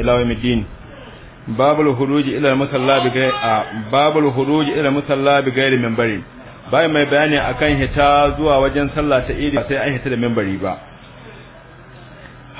ilawar medini babu huruji ilar musallabi gai a babu huruji ilar musallabi gai da membari bai mai bayani a kan hita zuwa wajen sallah ta iri sai an hita da membari ba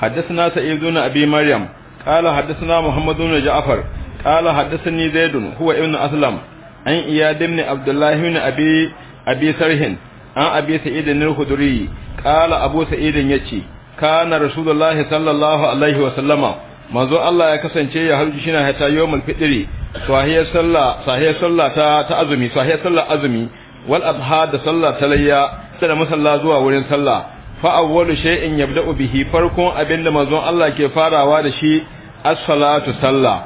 haddasuna sa'id zuwa na abi maryam kala haddasuna muhammadu na ja'afar kala haddasuni zaidun huwa ibn aslam an iya dimni abdullahi ibn abi abi sarhin an abi sa'id ibn al-khudri kala abu sa'id yace kana rasulullahi sallallahu alaihi wa sallama manzo Allah ya kasance ya harji shina hata yawmul fitri sahiyar sallah sahiyar sallah ta ta azumi sahiyar sallah azumi wal adha da sallah ta layya da musalla zuwa wurin sallah fa awwalu shay'in yabda'u bihi farkon abinda manzo Allah ke farawa da shi as-salatu sallah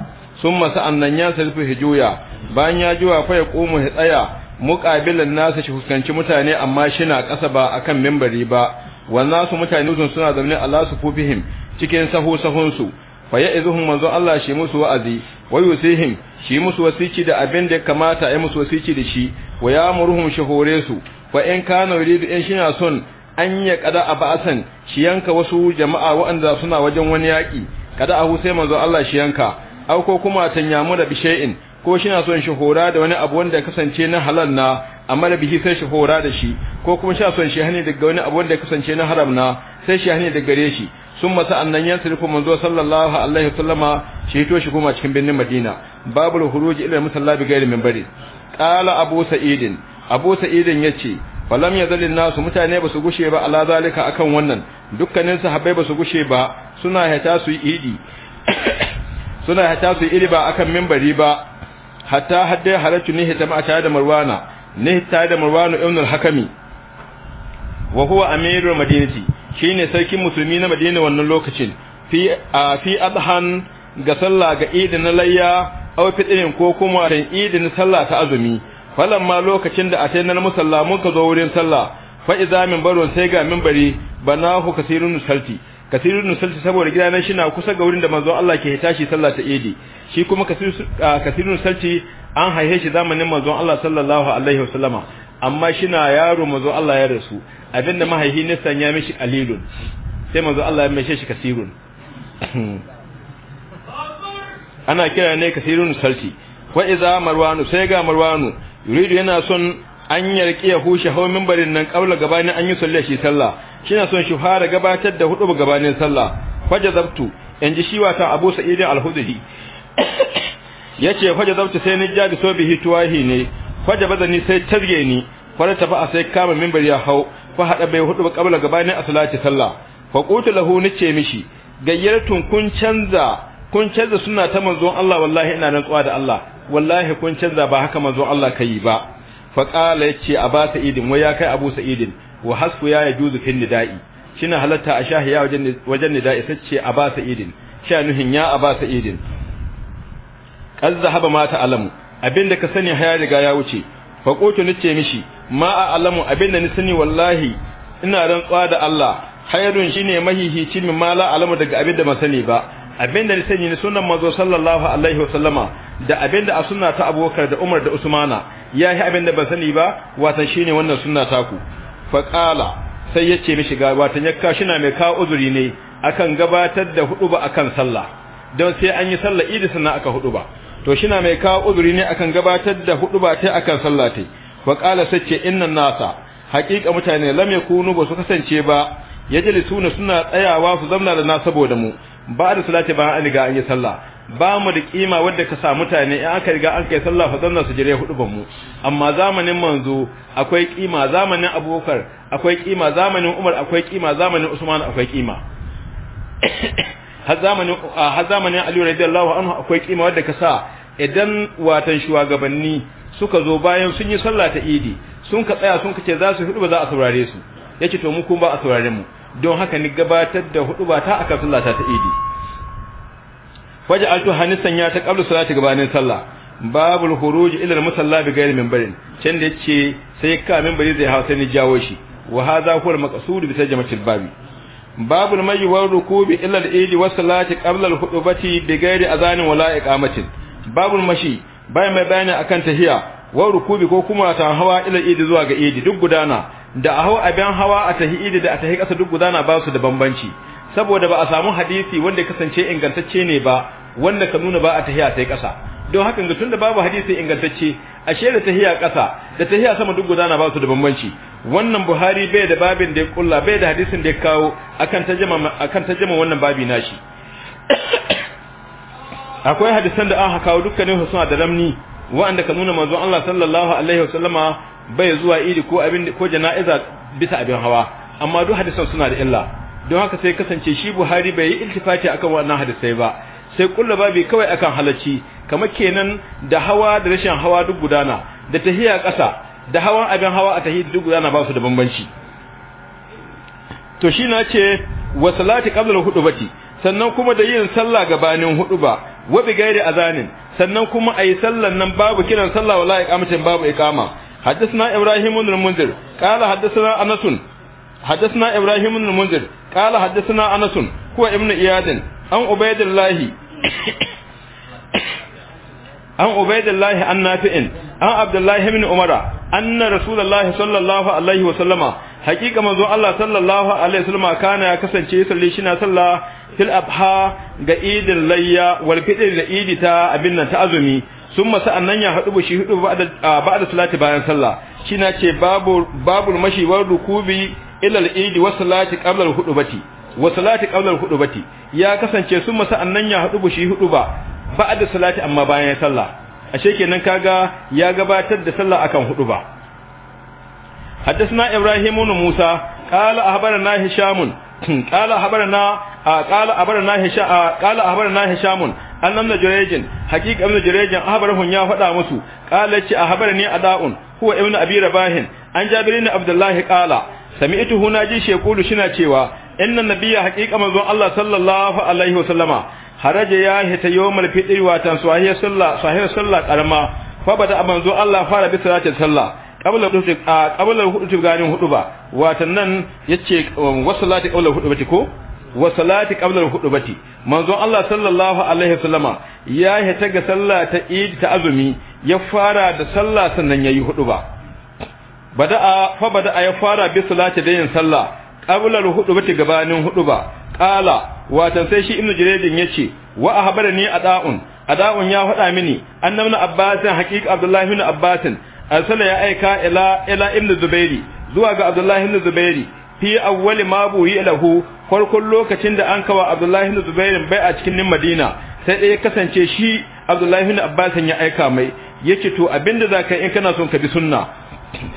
masa sa'annan ya sarfi hijuya bayan ya juwa fa ya qumu ya tsaya muqabilan nasu shi fuskanci mutane amma shina kasa ba akan minbari ba wannan su mutane sun suna zaune Allah su fufihim cikin sahu sahunsu fa ya'izuhum manzo Allah shi musu wa'azi wa yusihim shi musu wasici da abin da kamata ai musu wasici da shi wa ya'muruhum shuhure su fa in kana yuridu in shina son an ya kada abasan shi yanka wasu jama'a wa'anda suna wajen wani yaki kada ahu sai manzo Allah shi yanka au ko kuma tanyamu da bishai'in ko shina son shi hora da wani abu wanda kasance na halal na amma da bihi sai shi hora da shi ko kuma shina son shi hani daga wani abu wanda kasance na haram na sai shi hani daga gare shi sun masa annan yan sirku manzo sallallahu alaihi wasallama shi hito shi kuma cikin birnin madina babul huruji ila musalla bi ghairi bari. qala abu sa'idin abu sa'idin yace falam yazalin nasu mutane ba su gushe ba ala zalika akan wannan dukkanin sahabbai basu gushe ba suna hata su idi suna hata su idi ba akan minbari ba hatta hadda halatu ne hitama ta da marwana ne ta da marwana ibn al-hakami wa huwa amirul madinati shi ne sarkin musulmi na Madina wannan lokacin fi fi adhan ga sallah ga idin na layya aw ko kuma ran na sallah ta azumi ma lokacin da atai na musalla mun ka zo wurin sallah fa idza min barun sai ga minbari banahu kasirun nusalti kasirun nusalti saboda gida na shina kusa ga wurin da manzo Allah ke tashi sallah ta idi shi kuma kasirun nusalti an haihe shi zamanin manzo Allah sallallahu alaihi wasallama amma shi na yaro mazo Allah ya rasu abinda mahaifi na sanya mishi alilun sai mazo Allah ya mace shi kasirun ana kira ne kasirun salti wa iza marwanu sai ga marwanu yuridu yana son an yarki ya hushe hawan minbarin nan kaula gabanin an yi sallah shi sallah shina son shi fara gabatar da hudu gabanin sallah zabtu in ji shi wata abu sa'idin al-hudri yace zabtu sai ni jabi so bihi tuwahi ne ni sai targe ni fara tafa sai kama minbar ya hau fa hada bai hudu kabla a salati sallah fa qutu lahu nace mishi gayyartun kun canza kun canza suna ta manzon Allah wallahi ina tsawa da Allah wallahi kun canza ba haka manzon Allah kai ba fa qala yace aba sa'idin wai ya kai abu sa'idin wa hasku ya yajuzu fil nida'i shina halatta a ya wajen wajen nida'i sace aba sa'idin sha nuhin ya aba sa'idin qad zahaba mata alamu abin da ka sani haya riga ya wuce faƙoto ni ce mishi ma a alamu abin da ni sani wallahi ina rantsuwa da Allah hayrun shine mahihici min ma la alamu daga abin da ban sani ba abin da ni sani ne sunan manzo sallallahu alaihi wa da abin da a sunna ta Abubakar da Umar da Usmana ya yi abin da ban sani ba watan shine wannan sunna ta ku qala sai yace mishi ga watan yakka shina mai kawo uzuri ne akan gabatar da hudu ba akan sallah don sai an yi sallah idi sannan aka hudu ba to shina mai kawo uzuri ne akan gabatar da hudu ba tai akan sallah tai wa qala sace innan nasa haqiqa mutane lam yakunu ba su kasance ba yajlisuna suna tsayawa su zamna da na saboda mu ba da salati ba an riga an yi sallah ba mu da kima wanda ka sa mutane in aka riga an kai sallah fa zanna su jire hudu ban mu amma zamanin manzo akwai kima zamanin abubakar akwai kima zamanin umar akwai kima zamanin usman akwai kima har zamanin har Ali radiyallahu anhu akwai kima wadda ka sa idan watan shugabanni suka zo bayan sun yi sallah ta idi sun ka tsaya sun kace za su hudu ba za a saurare su yace to mu kun ba a saurare mu don haka ni gabatar da hudu ba ta akan sallah ta idi faj'altu hanisan ya ta qablu salati gabanin sallah babul khuruj ila al-musalla bi ghairi minbarin can da yace sai ka minbari zai hawa sai ni jawo shi wa hadha huwa al-maqsud bi tarjamatil babi babul mai war rukubi illa idi, eid wa salati qabla al-hudubati bi ghairi azanin wala iqamatin babul mashi bai mai bayani akan tahiya wa rukubi ko kuma ta hawa ila al zuwa ga idi duk gudana da a hawa abin hawa a tahi eid da a tahi kasa duk gudana ba su da bambanci saboda ba a samu hadisi wanda kasance ingantacce ne ba wanda ka nuna ba a tahiya sai ƙasa. don haka ga tunda babu hadisi ingantacce ashe da tahiya ƙasa da tahiya sama duk gudana ba su da bambanci wannan Buhari bai da babin da ya kulla bai da hadisin da ya kawo akan tajama akan tajama wannan babi nashi akwai hadisan da aka kawo dukkanin suna da ramni wa'anda ka nuna manzon Allah sallallahu alaihi wasallama bai zuwa idi ko abin ko jana'iza bisa abin hawa amma duk hadisan suna da illa don haka sai kasance shi Buhari bai yi iltifati akan wannan hadisai ba sai kulla babi kawai akan halacci kamar kenan da hawa da rashin hawa duk gudana da tahiya ƙasa da hawan abin hawa a tahiya duk gudana ba su da bambanci to shi na ce wa salati qablal hudubati sannan kuma da yin sallah gabanin huduba wa bi gairi azanin sannan kuma ayi sallan nan babu kiran sallah wala iqamatin babu iqama حدثنا إبراهيم بن munzir qala حدثنا أنس حدثنا إبراهيم بن munzir qala حدثنا أنس هو ابن إياد an ubaydillah an ubaidillahi an nafi'in an abdullahi ibn umara anna rasulullahi sallallahu alaihi wa sallama haqiqa manzo Allah sallallahu alaihi wa sallama kana ya kasance salli shi na sallah fil abha ga idin layya wal fitr da idi ta abin nan ta azumi summa sa'annan ya hadu shi hudu ba'da salati bayan sallah shi na ce babu babu mashi war rukubi ila al idi was salati qabla al hudubati wa salati qabla al hudubati ya kasance summa sa'annan ya hadu shi hudu ba ba'ad da salati amma bayan ya sallah ashe kenan kaga ya gabatar da sallah akan hudu ba haddathna ibrahim ibn musa qala ahbarana hisham qala ahbarana qala ahbarana hisha qala ahbarana hisham annam najrejin haqiqa najrejin ahbarahun ya fada musu qala chi ahbarani adaun huwa ibnu abi rabah an jabir ibn abdullah qala sami'tu huna ji shekulu shina cewa inna nabiyya haqiqa manzo allah sallallahu alaihi wasallama haraja ya hita yawmal fitri watan sahiyar sallah sahiyar sallah karama fa bada manzo Allah fara bi salatin sallah qabla hudu a qabla hudu ganin hudu ba watan nan yace um, salati qabla hudu bati ko salati qabla hudu bati manzo Allah sallallahu alaihi wasallama ya hita ga sallah ta id ta azumi ya fara da sallah sannan yayi hudu ba bada'a fa bada'a ya fara bi salati da yin sallah qabla hudu bati gabanin hudu ba qala watan sai shi ibnu jiredin yace wa ahbarani ada'un ada'un ya faɗa mini annabi ibn abbasin haqiqa abdullahi ibn abbasin arsala ya aika ila ila ibnu zubairi zuwa ga abdullahi ibn zubairi fi awwali ma buhi lahu farkon lokacin da an kawa abdullahi ibn zubairin bai a cikin madina sai dai ya kasance shi abdullahi ibn abbasin ya aika mai yace to abinda zaka in kana son ka bi sunna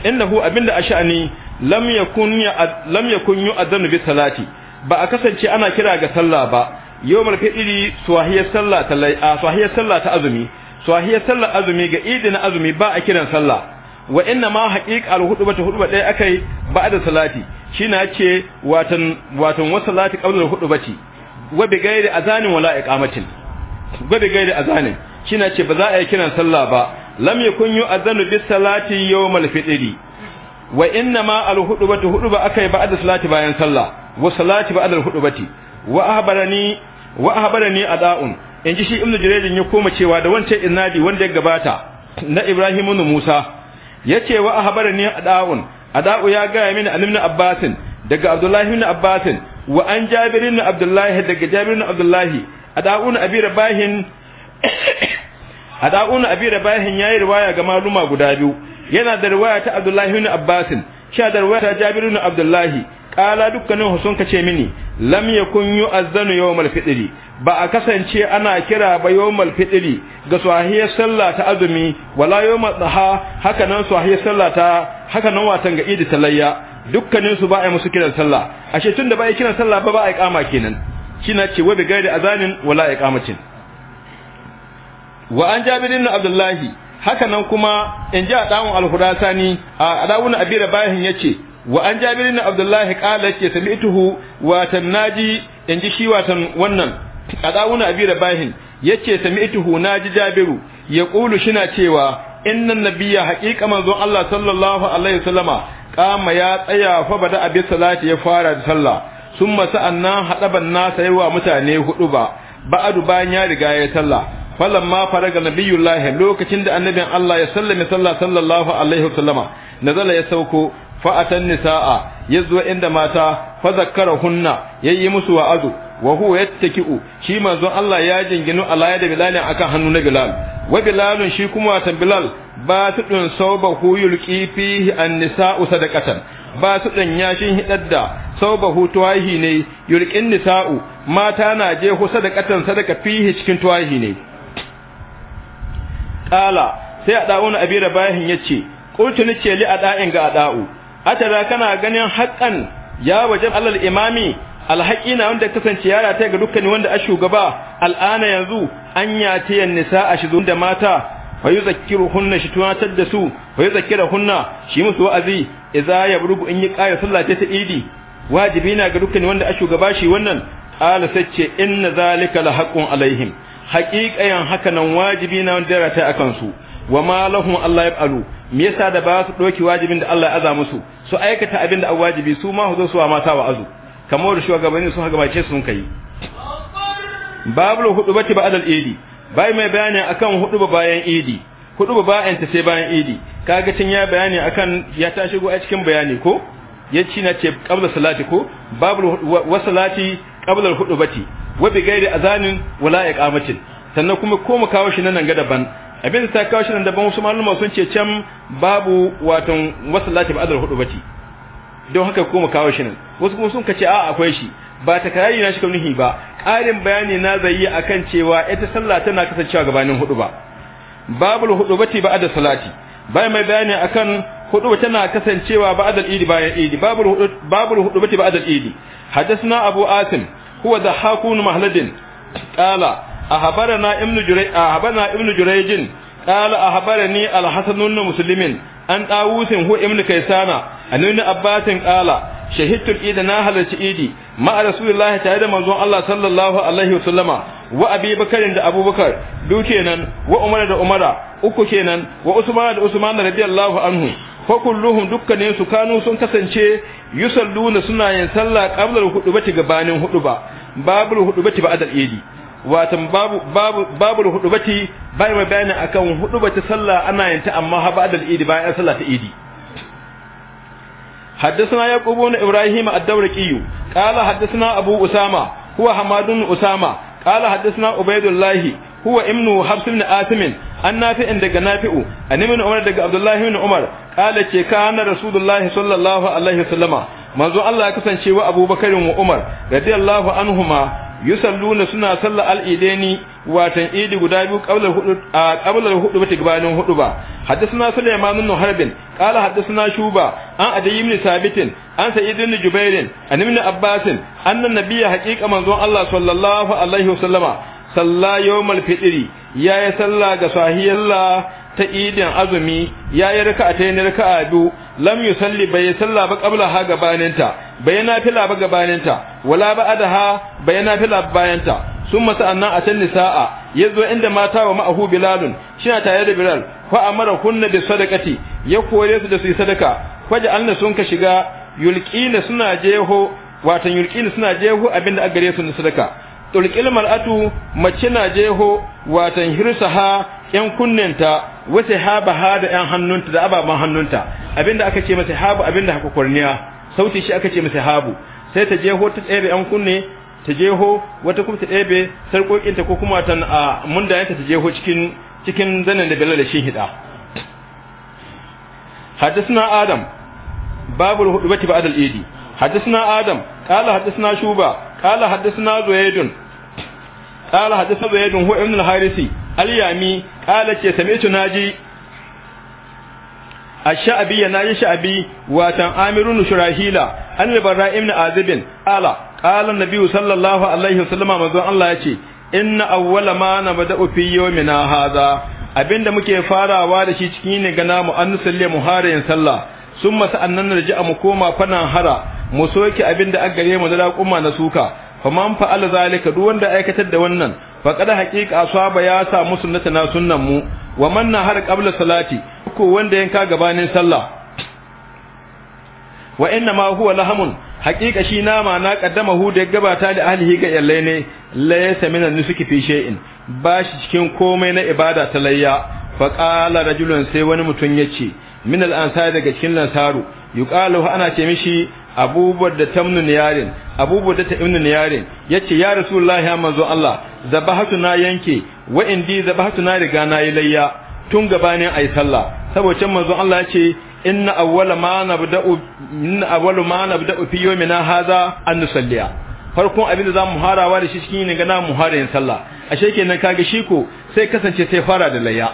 innahu abinda ashani lam yakun lam yakun yu'adhanu bi salati ba a kasance ana kira ga sallah ba yawmal fitri suwahiyar sallah ta a sallah ta azumi suwahiyar sallah azumi ga idin azumi ba a kiran sallah wa inna ma haqiqa al hudu bata hudu ɗaya akai ba da salati shi na watan watan wa salati qabla al hudu bati wa bi ghairi azanin wala iqamatin wa bi ghairi azanin na ce ba za a yi kiran sallah ba lam yakun azanu bis salati yawmal fitri wa inna ma al hudubatu huduba akai ba'da salati bayan sallah wa salati ba'da al hudubati wa ahbarani wa ahbarani ada'un inji shi ibnu jiraydin ya koma cewa da wancan innadi wanda ya gabata na ibrahim ibn musa yace wa ahbarani ada'un ada'u ya ga min an ibn abbasin daga abdullahi ibn abbasin wa an jabir ibn abdullahi daga jabir ibn abdullahi ada'un abi rabahin ada'un abi rabahin yayi riwaya ga maluma guda biyu yana da riwaya ta Abdullahi ibn Abbas shi da riwaya ta Jabir ibn Abdullahi kala dukkanin sun kace mini lam yakun yu'azzanu yawmal fitri ba a kasance ana kira ba yawmal fitri ga sahiya sallah ta azumi wala yawmal dhaha haka nan sahiya sallah ta haka nan watan ga idi talayya dukkanin su ba a musu kiran sallah ashe tunda ba a kiran sallah ba ba ai kama kenan na ce wa bi gairi azanin wala iqamatin wa an jabirin abdullahi haka nan kuma in ji a ɗawun alhurasani a ɗawun abira bayan ya ce wa an jabirin na abdullahi ƙala ke sami ituhu watan naji in ji shi watan wannan a ɗawun abira bayan ya ce sami ituhu na ji jabiru ya ƙulu na cewa innan nabiya haƙiƙa manzon Allah sallallahu alaihi wasallama kama ya tsaya fa bada abin salati ya fara da sallah summa sa'annan hadaban nasa yawa mutane hudu ba ba'adu bayan ya riga ya sallah Falan falamma ga nabiyullahi lokacin da annabin Allah ya sallame sallah sallallahu alaihi wasallama nazala ya sauko fa atan nisaa yazo inda mata fa ya yayi musu wa'azu wa huwa yattaki'u shi manzon Allah ya jinginu alaya da bilal akan hannu na bilal wa bilal shi kuma watan bilal ba su dun sauba huyul qifihi an-nisa'u sadaqatan ba su dun yashin hidadda sauba hu tuwahi ne yulqin nisa'u mata na je hu sadaqatan sadaqa fihi cikin tuwahi ne kala sai a da'un abi ya yace qultu ni ce li a da'in ga da'u atara kana ganin haqqan ya wajen alal imami alhaqi na wanda kasance yara ta ga dukkan wanda a shugaba al'ana yanzu an yati yan nisa a shizun da mata fa hunna shi tunatar da su fa hunna shi musu wa'azi idza yabrugu in yi qaya sallah ta idi wajibi na ga dukkan wanda a shugaba shi wannan qala sace inna zalika lahaqqun alaihim haƙiƙayan haka nan wajibi na wanda ya ta akan su wa ma lahum Allah ya alu me yasa da ba su doki wajibin da Allah ya aza musu su aikata abin da a wajibi su ma huzo su wa mata wa azu kamar da shugabanni sun gabace sun kai babul hudubati ba'dal idi bai mai bayani akan huduba bayan idi huduba bayan ta sai bayan idi kaga tun ya bayani akan ya ta shigo a cikin bayani ko ya ci na ce qabla salati ko babul wasalati salati qabla hudubati wa bi gairi azanin wala iqamatin sannan kuma ko mu kawo shi nan ga daban abin da ta kawo shi nan daban wasu maluma sun ce can babu watan wasallati ba azar hudu bace don haka ko mu kawo shi nan wasu kuma sun kace a akwai shi ba kayi na shi kan nuhi ba ƙarin bayani na zai yi akan cewa ita sallah tana kasancewa gabanin hudu ba babu hudu bati ba da salati bai mai bayani akan hudu tana kasancewa ba da idi bayan idi babu hudu babul hudu bati ba da idi haddathna abu asim da dhahakun mahladin qala ahbarana ibnu juray ahbarana ibnu jurayjin qala ahbarani al-hasan ibn muslimin an dawusin hu ibnu kaysana annabi abbasin qala shahidtu idana halarci idi ma rasulullahi tare da manzon Allah sallallahu alaihi wasallama wa abi bakarin da abubakar biyu kenan wa umar da umara uku kenan wa usman da usman radiyallahu anhu fa kulluhum dukkanin su kanu sun kasance yusalluna suna yin sallah qabla hudubati gabanin huduba babu hudubati ba'da al-idi watan babu babu babu hudubati bai mai bayani akan hudubati sallah ana yin ta amma ha ba'da al-idi bayan sallah ta idi حدثنا يعقوب بن ابراهيم الدورقي قال حدثنا ابو اسامه هو حماد بن اسامه qala haddathna ubaydullah huwa imnu habs ibn asim an nafi'in daga nafi'u an ibn umar daga abdullah ibn umar qala ce kana rasulullah sallallahu alaihi wasallama manzo Allah ya kasance wa abubakar wa umar radiyallahu anhuma yusalluna suna sallar al-idaini watan idi guda biyu qablar hudu a qablar hudu bata gabanin hudu ba haddathana sulaiman ibn harbin qala na shuba an adayi ibn sabitin an sa'id ibn jubairin an ibn abbas anna nabiyya haqiqa manzon Allah sallallahu alaihi wasallama salla yawmal fitri yayi salla ga sahiyalla ta idin azumi ya raka'a ta ne raka'a biyu lam yusalli bai salla ba qabla ha gabaninta bai nafila ba gabaninta wala ba'da ha bai nafila bayanta summa sa'annan a tanni ya yazo inda mata wa ma'ahu bilalun shina tare da bilal fa amara kunna bi sadaqati ya kore su da su sadaka faja anna sun ka shiga yulqina suna jeho watan yulqina suna jeho abinda a gare su na sadaka tulqil mar'atu mace na jeho watan hirsaha yan kunnenta wasu haba ha da yan hannunta da ababen hannunta abinda aka ce masa habu abinda haka kurniya sauti shi aka ce masa habu sai ta jeho ta tsere yan kunne ta jeho wata kuma ta tsebe sarƙoƙinta ko kuma ta a mundayenta ta jeho cikin cikin zanen da bela da shi hida adam آدم hudubati ba adal idi حدثنا adam qala حدثنا shuba qala حدثنا زويد قال حدث زيد هو ابن الحارثي اليامي قال كي سمعت ناجي الشعبي ناجي شعبي واتن عامر بن شراحيل عن البراء ابن عازب قال قال النبي صلى الله عليه وسلم ما manzon Allah yace inna awwala ma nabda'u fi yawmina hadha abinda muke farawa da shi cikin ne ga namu an nusalle mu harayin sallah masa annan raji'a mu koma fanan hara mu soke abinda aggare mu da raƙuma na suka faman fa'ala zalika duk wanda aikatar da wannan kada haqiqa asaba ya sa samu na sunnan mu wa man har qabla salati ko wanda yanka gabanin sallah wa inna ma huwa lahamun haqiqa shi nama na kaddama hu da gabata da ahlihi ga yallai ne laysa minan nusuki fi shay'in ba shi cikin komai na ibada ta layya fa qala rajulun sai wani mutun yace min al ansa daga cikin lansaru yuqalu ana ce mishi abubuwar da tamnun yarin abubuwar da tamnun yarin yace ya rasulullahi ya manzo Allah zabahatu na yanke wa indi zabahatu na riga na yi layya tun gabanin ayi sallah saboda manzo Allah yace inna awwala ma nabda'u inna awwalu ma nabda'u fi yawmina hadha an nusalliya farkon abin da zamu harawa da shi cikin ne gana mu harayin sallah ashe kenan kage shi ko sai kasance sai fara da layya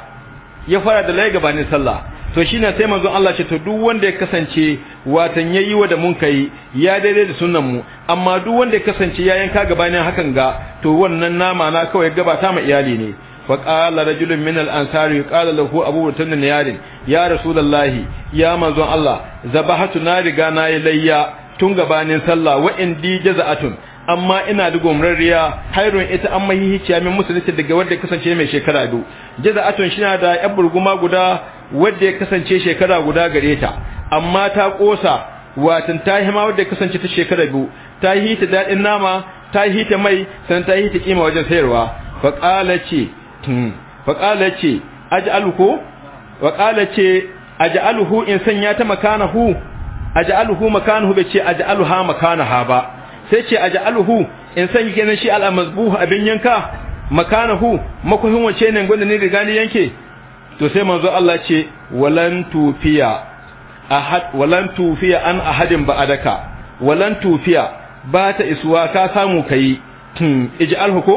ya fara da layya gabanin sallah to shi na sai manzon Allah ce to duk wanda ya kasance watan yayi wa da mun kai ya daidai da sunan mu amma duk wanda ya kasance ya yanka gabanin hakan ga to wannan nama na kawai gabata ma iyali ne fa qala rajulun min al ansari qala lahu abu ya niyadin ya rasulullahi ya manzon Allah zabahatu na riga na layya tun gabanin sallah wa indi jaza'atun amma ina da gomrariya hairun ita an mahihiciya min musulunci daga wadda kasance mai shekara biyu jaza'atun shi shina da yan burguma guda wadda ya kasance shekara guda gare ta amma ta kosa watan ta hima wadda ya kasance ta shekara biyu ta yi hita daɗin nama ta yi hita mai san ta yi hita kima wajen sayarwa faƙala ce hmm, faƙala ce aj'aluhu faƙala ce aj'aluhu in sanya ta makanahu aj'aluhu makanahu bai ce aj'aluha ha ba sai ce a ja'aluhu in sanya kenan shi al-mazbuh abin yanka makanahu makuhin wace ne gwanda ne riga ni yanke to sai manzo Allah ce walan tufiya ahad walan tufiya an ahadin ba'adaka walan tufiya ba ta isuwa ka samu kai yi hmm, ij'alhu ko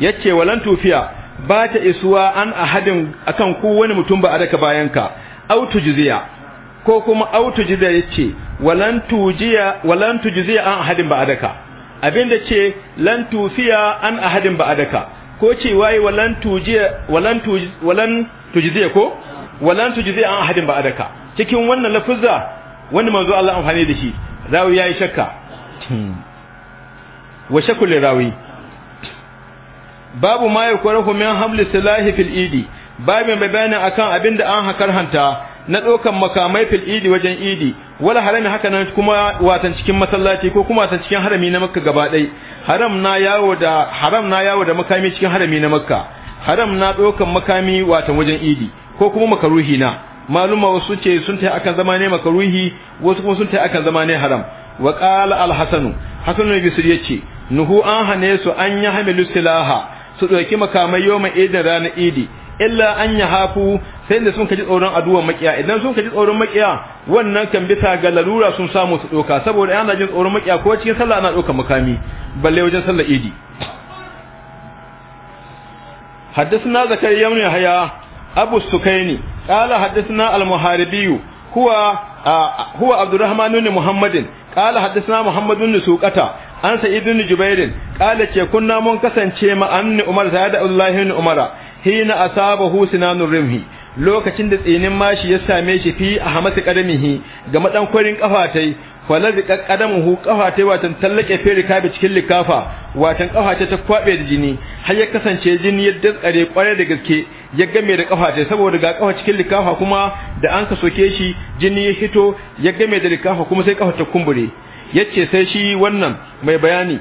yace walan tufiya ba ta isuwa an ahadin akan ku wani mutum ba'adaka bayanka autu jiziya ko kuma autu jizya yace walan tujiya walan tujziya an ahadin ba'adaka abinda ce lan tufiya an ahadin ba'adaka ko ce waye walan tujiya walan tuj walan tujziya ko walan tujziya an ahadin ba'adaka cikin wannan lafuzza wanda manzo Allah amfani da shi rawi yayi shakka wa shakul rawi babu ma yakurahu min hamli silahi fil idi babin bayanin akan abinda an hakar hanta na ɗaukan makamai fil idi wajen idi wala harami haka nan kuma watan cikin masallaci ko kuma watan cikin harami na makka gaba ɗai haram na yawo da haram na yawo da makami cikin harami na makka haram na ɗaukan makami watan wajen idi ko kuma makaruhi na maluma wasu ce sun ta akan zama ne makaruhi wasu kuma sun ta akan zama ne haram wa qala al hasanu hasanu bisri yace nuhu an hane su an yi hamilu silaha su ɗauki makamai yau mai idin ranar idi illa an yahafu sai da sun kaji tsoron aduwan makiya idan sun kaji tsoron makiya wannan kan bisa ga larura sun samu su doka saboda yana jin tsoron makiya ko cikin sallah na doka makami balle wajen sallar idi hadithuna zakariya ibn yahya abu sukaini qala hadithuna al muharibi huwa huwa ni ibn muhammadin qala hadithuna muhammad ibn suqata an sa'id ibn jubairin qala ce kunna mun kasance ma'anni umar sayyid abdullah ibn umara hina asabahu sinanur rimhi lokacin da tsinin mashi ya same shi fi a ahmasi qadamihi ga madan kwarin kafatai falazi qadamuhu kafatai watan tallake feri kabe cikin likafa watan kafatai ta kwabe da jini har ya kasance jini ya daskare kware da gaske ya game da kafatai saboda ga kafa cikin likafa kuma da an ka soke shi jini ya hito ya game da likafa kuma sai kafa ta kumbure yace sai shi wannan mai bayani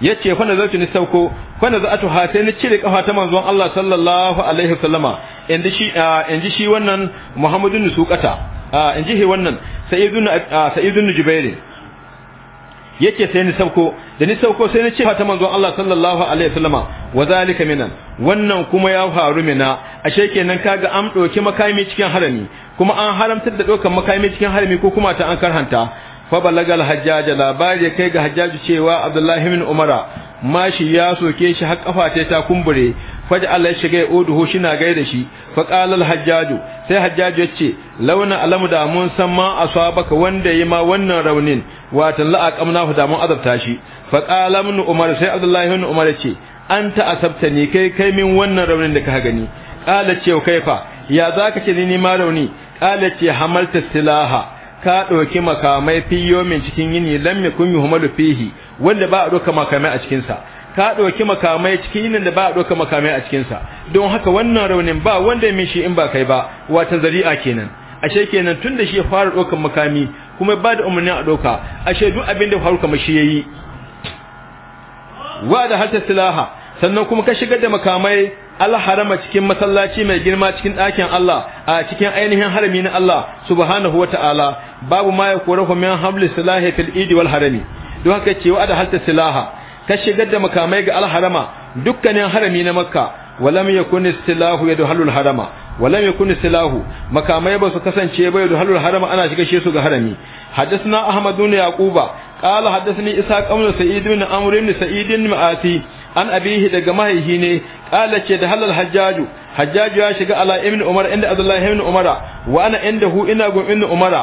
yace fa nazartu ni sauko fa nazatuha sai na cire kafa ta manzon Allah sallallahu alaihi wasallama ji shi ah, ji shi wannan Muhammadun ah, in ji he wannan Sayyidun ah, Sayyidun Jubair yake sai ni sauko da ni sauko sai na cire ta manzon Allah sallallahu alaihi wasallama wa zalika minan wannan kuma ya faru mina ashe kenan kaga an doki makami cikin harami kuma an haramta da dokan makami cikin harami ko kuma ta an karhanta fa balagal hajjaja labari kai ga hajjaju cewa abdullahi bin umara mashi ya soke shi har kafa ta ta kumbure faja Allah ya shiga shi na gaida shi fa qalal hajjaju sai hajjaju ce launa alamu da mun san ma asabaka wanda yi ma wannan raunin watan la aqamna da mun azabta shi fa qala min umar sai abdullahi bin umar ce anta ni kai kai min wannan raunin da ka gani qala ce kai fa ya zaka ce ni ma rauni qala ce hamalta silaha ka ɗauki makamai fiyomin min cikin yini lam yakun yuhmalu fihi wanda ba a ɗauka makamai a cikin ka ɗauki makamai cikin yinin da ba a ɗauka makamai a cikinsa. don haka wannan raunin ba wanda ya shi in ba kai ba wata zari'a kenan ashe kenan tun da shi ya fara ɗaukan makami kuma ba da umarni a ɗauka ashe duk abin da faru kamar shi yayi wa da hatta silaha sannan kuma ka shigar da makamai alharama cikin masallaci mai girma cikin ɗakin Allah a cikin ainihin harami na Allah subhanahu wa ta'ala babu ma ya korahu min hablu silahi fil idi wal harami don haka cewa da halta silaha ka shigar da makamai ga alharama dukkanin harami na makka walam yakun silahu yadhalul harama walam yakun silahu makamai ba su kasance ba yadhalul harama ana shiga shi su ga harami حدثنا أحمد yaquba qala قال isa إسحاق بن سعيد بن عمرو an abihi daga mahaihi ne Ƙalace ce da halal hajjaju hajjaju ya shiga ala ibn umar inda abdullahi ibn umara wa ana hu ina gun ibn umara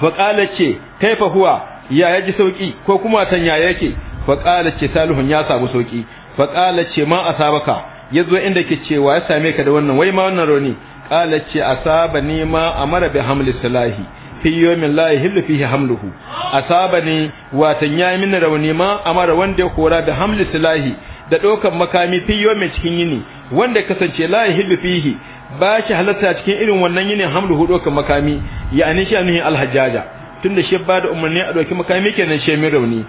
fa kala ce kaifa huwa ya yaji sauki ko kuma tan ya yake fa kala ce salihun ya samu sauki fa kala ce ma asabaka yazo inda ke cewa ya same ka da wannan wai ma wannan roni kala ce asaba ni ma amara bi hamli salahi fi yawmin la yahillu fihi hamluhu asabani watan yayi min rauni ma amara wanda ya kora da hamlu silahi da dokan makami fi cikin yini wanda kasance la yahillu fihi ba shi halatta cikin irin wannan yini hamluhu dokan makami yani shi annahi alhajjaja tunda shi ba da umarni a doki makami kenan shi min rauni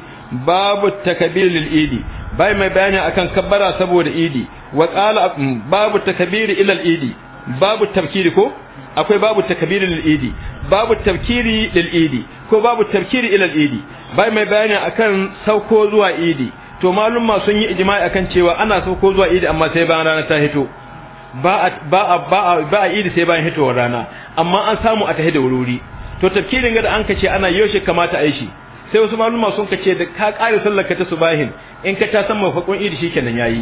babu takbir lil idi bai mai bayani akan kabbara saboda idi wa qala mm, babu takbir ila al idi babu tafkiri ko akwai babu takbiri lil idi babu tafkiri lil idi ko babu tafkiri ila idi bai mai bayani akan sauko zuwa idi to malumma sun yi ijma'i akan cewa ana sauko zuwa idi amma sai bayan rana ta hito ba ba ba ba idi sai bayan hitowar rana amma an samu a tahi da wuri to tafkirin ga da an kace ana yaushe kamata a yi shi sai wasu malumma sun kace da ka kare sallar ka ta subahin in ka ta san mafakon idi shikenan yayi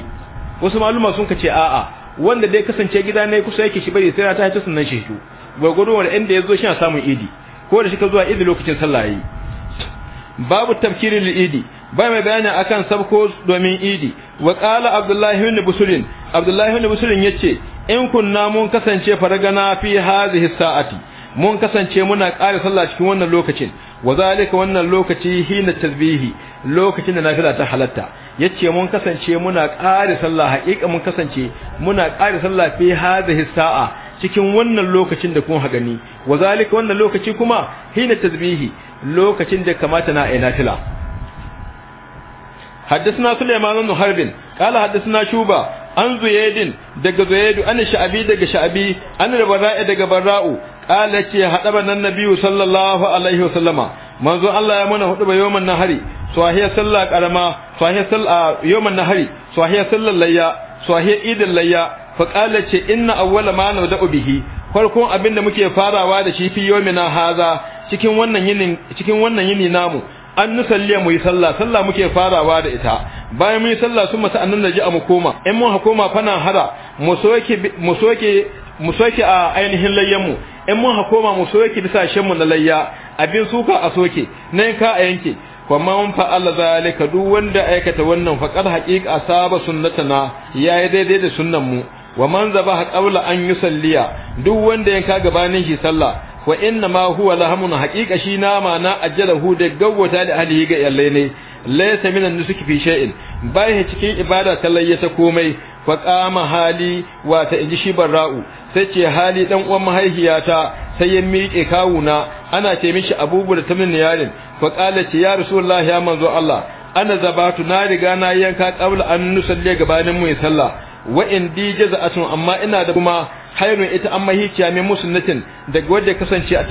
wasu malumma sun kace a'a wanda dai kasance gida ne kusa yake shi bari sai ya tashi sunan shi to gurgudu wanda inda zo shi a samun idi ko da shi ka zuwa idi lokacin sallah babu tafkirin idi ba mai bayani akan sabko domin idi wa qala abdullahi ibn busrin abdullahi ibn busrin yace in kunna mun kasance faragana fi hadhihi sa'ati mun kasance muna ƙara sallah cikin wannan lokacin wa zalika wannan lokaci hina tasbihi lokacin da nafila ta halatta Yace mun kasance muna ƙari sallah haƙiƙa mun kasance muna ƙari sallah fi hadhihi sa'a cikin wannan lokacin da kun hagani wa zalika wannan lokaci kuma hina tazbihi lokacin da kamata na ayi nafila حدثنا سليمان harbin حرب قال shuba شوبة عن زيد دغ زيد عن sha'abi دغ شعبي عن daga دغ براء قال ce hadaba nan nabiyyu sallallahu alaihi wasallama manzo Allah ya mana hudu bayoman nahari swahiyar sallah karama swahiyar sallah yawman nahari swahiyar sallar layya swahiyar idon layya fa qala ce inna awwala ma nada'u bihi farkon abin da muke farawa da shi fi yawmina haza cikin wannan yinin cikin wannan yini namu an nusalliya mu yi sallah sallah muke farawa da ita bayan mun yi sallah sun masa annan naji a mu koma in mun koma fana hada mu soke mu soke mu soke a ainihin layyan mu in mun koma mu soke bisa shin mu na layya abin suka a soke nan ka a yanke faman fa'ala zalika duk wanda aikata wannan faqad haqiqa saba sunnatana yayi daidai da sunnan mu wa man zabaha qabla an yusalliya duk wanda yanka gabanin shi sallah wa inna ma huwa lahamun haqiqa shi nama na ajjalahu da gawwata da alihi ga yallai ne laysa minan nusuki fi shay'in bai cikin ibada ta ta komai wa qama hali wa ta inji shi barra'u sai ce hali ɗan uwan mahaihiyata sai ya miƙe kawuna ana ce mishi da tamin yarin fa qala ce ya rasulullahi ya manzo Allah ana zabatu na riga na yanka qabla an nusalle gabanin mu sallah wa in di jaza'atun amma ina da kuma hairun ita an mahikiya mai musulnatin daga wadda kasance a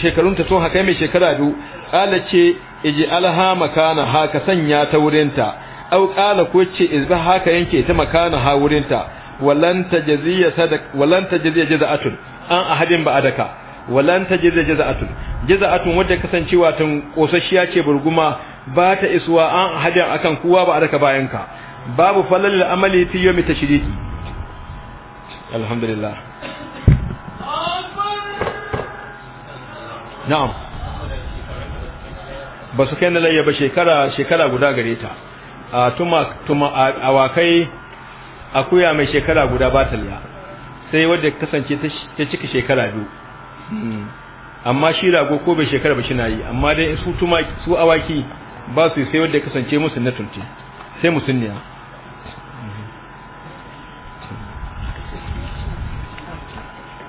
shekarun ta sun haka mai shekara biyu ala ce iji alha makana haka sanya ta wurinta au qala ko ce izba haka yanke ta makana ha wurinta walan tajziya sadaq walan tajziya jaza'atun an ahadin ba adaka walan tajziya jaza'atun jaza'atun wanda kasancewa tun kosashiya ce burguma ba ta iswa an ahadin akan kowa ba adaka bayan ka babu falal amali fi yawmi tashriki alhamdulillah na'am ba su kai na layya ba shekara shekara guda gare ta a tuma tuma awakai akuya mai shekara guda ba ta liya sai wadda kasance ta cika shekara biyu hmm. amma shi rago ko bai shekara ba shi na yi amma dai su tuma su awaki ba su sai wadda kasance musu na tunti sai musunniya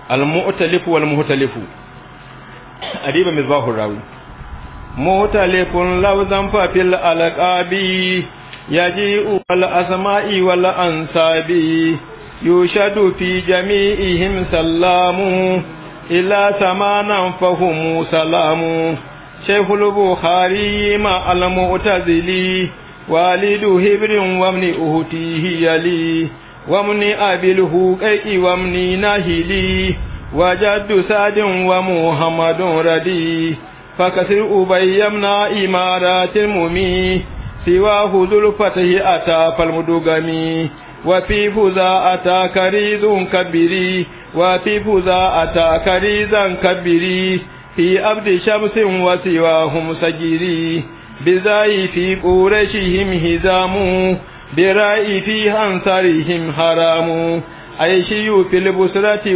al mutalifu wal muhtalifu adiba mizbahur rawi mu'talifun lawzan fa fil alaqabi yaji wal asma'i wal ansabi yushadu fi jami'ihim sallamu ila samanan fahumu salamu shaykhul bukhari ma al mu'tazili walidu hibrin wa ibn uhtihi yali wa ibn abil huqai wa ibn nahili wa jaddu sadin wa muhammadun radi fakasir ubayyamna imaratil mu'min siwa huzulufatahi ata falmudugami wafi fuza ata karizun kabiri wafi fuza ata kabiri fi abdi shamsin wa siwa hizamu birai haramu aishiyu fil busrati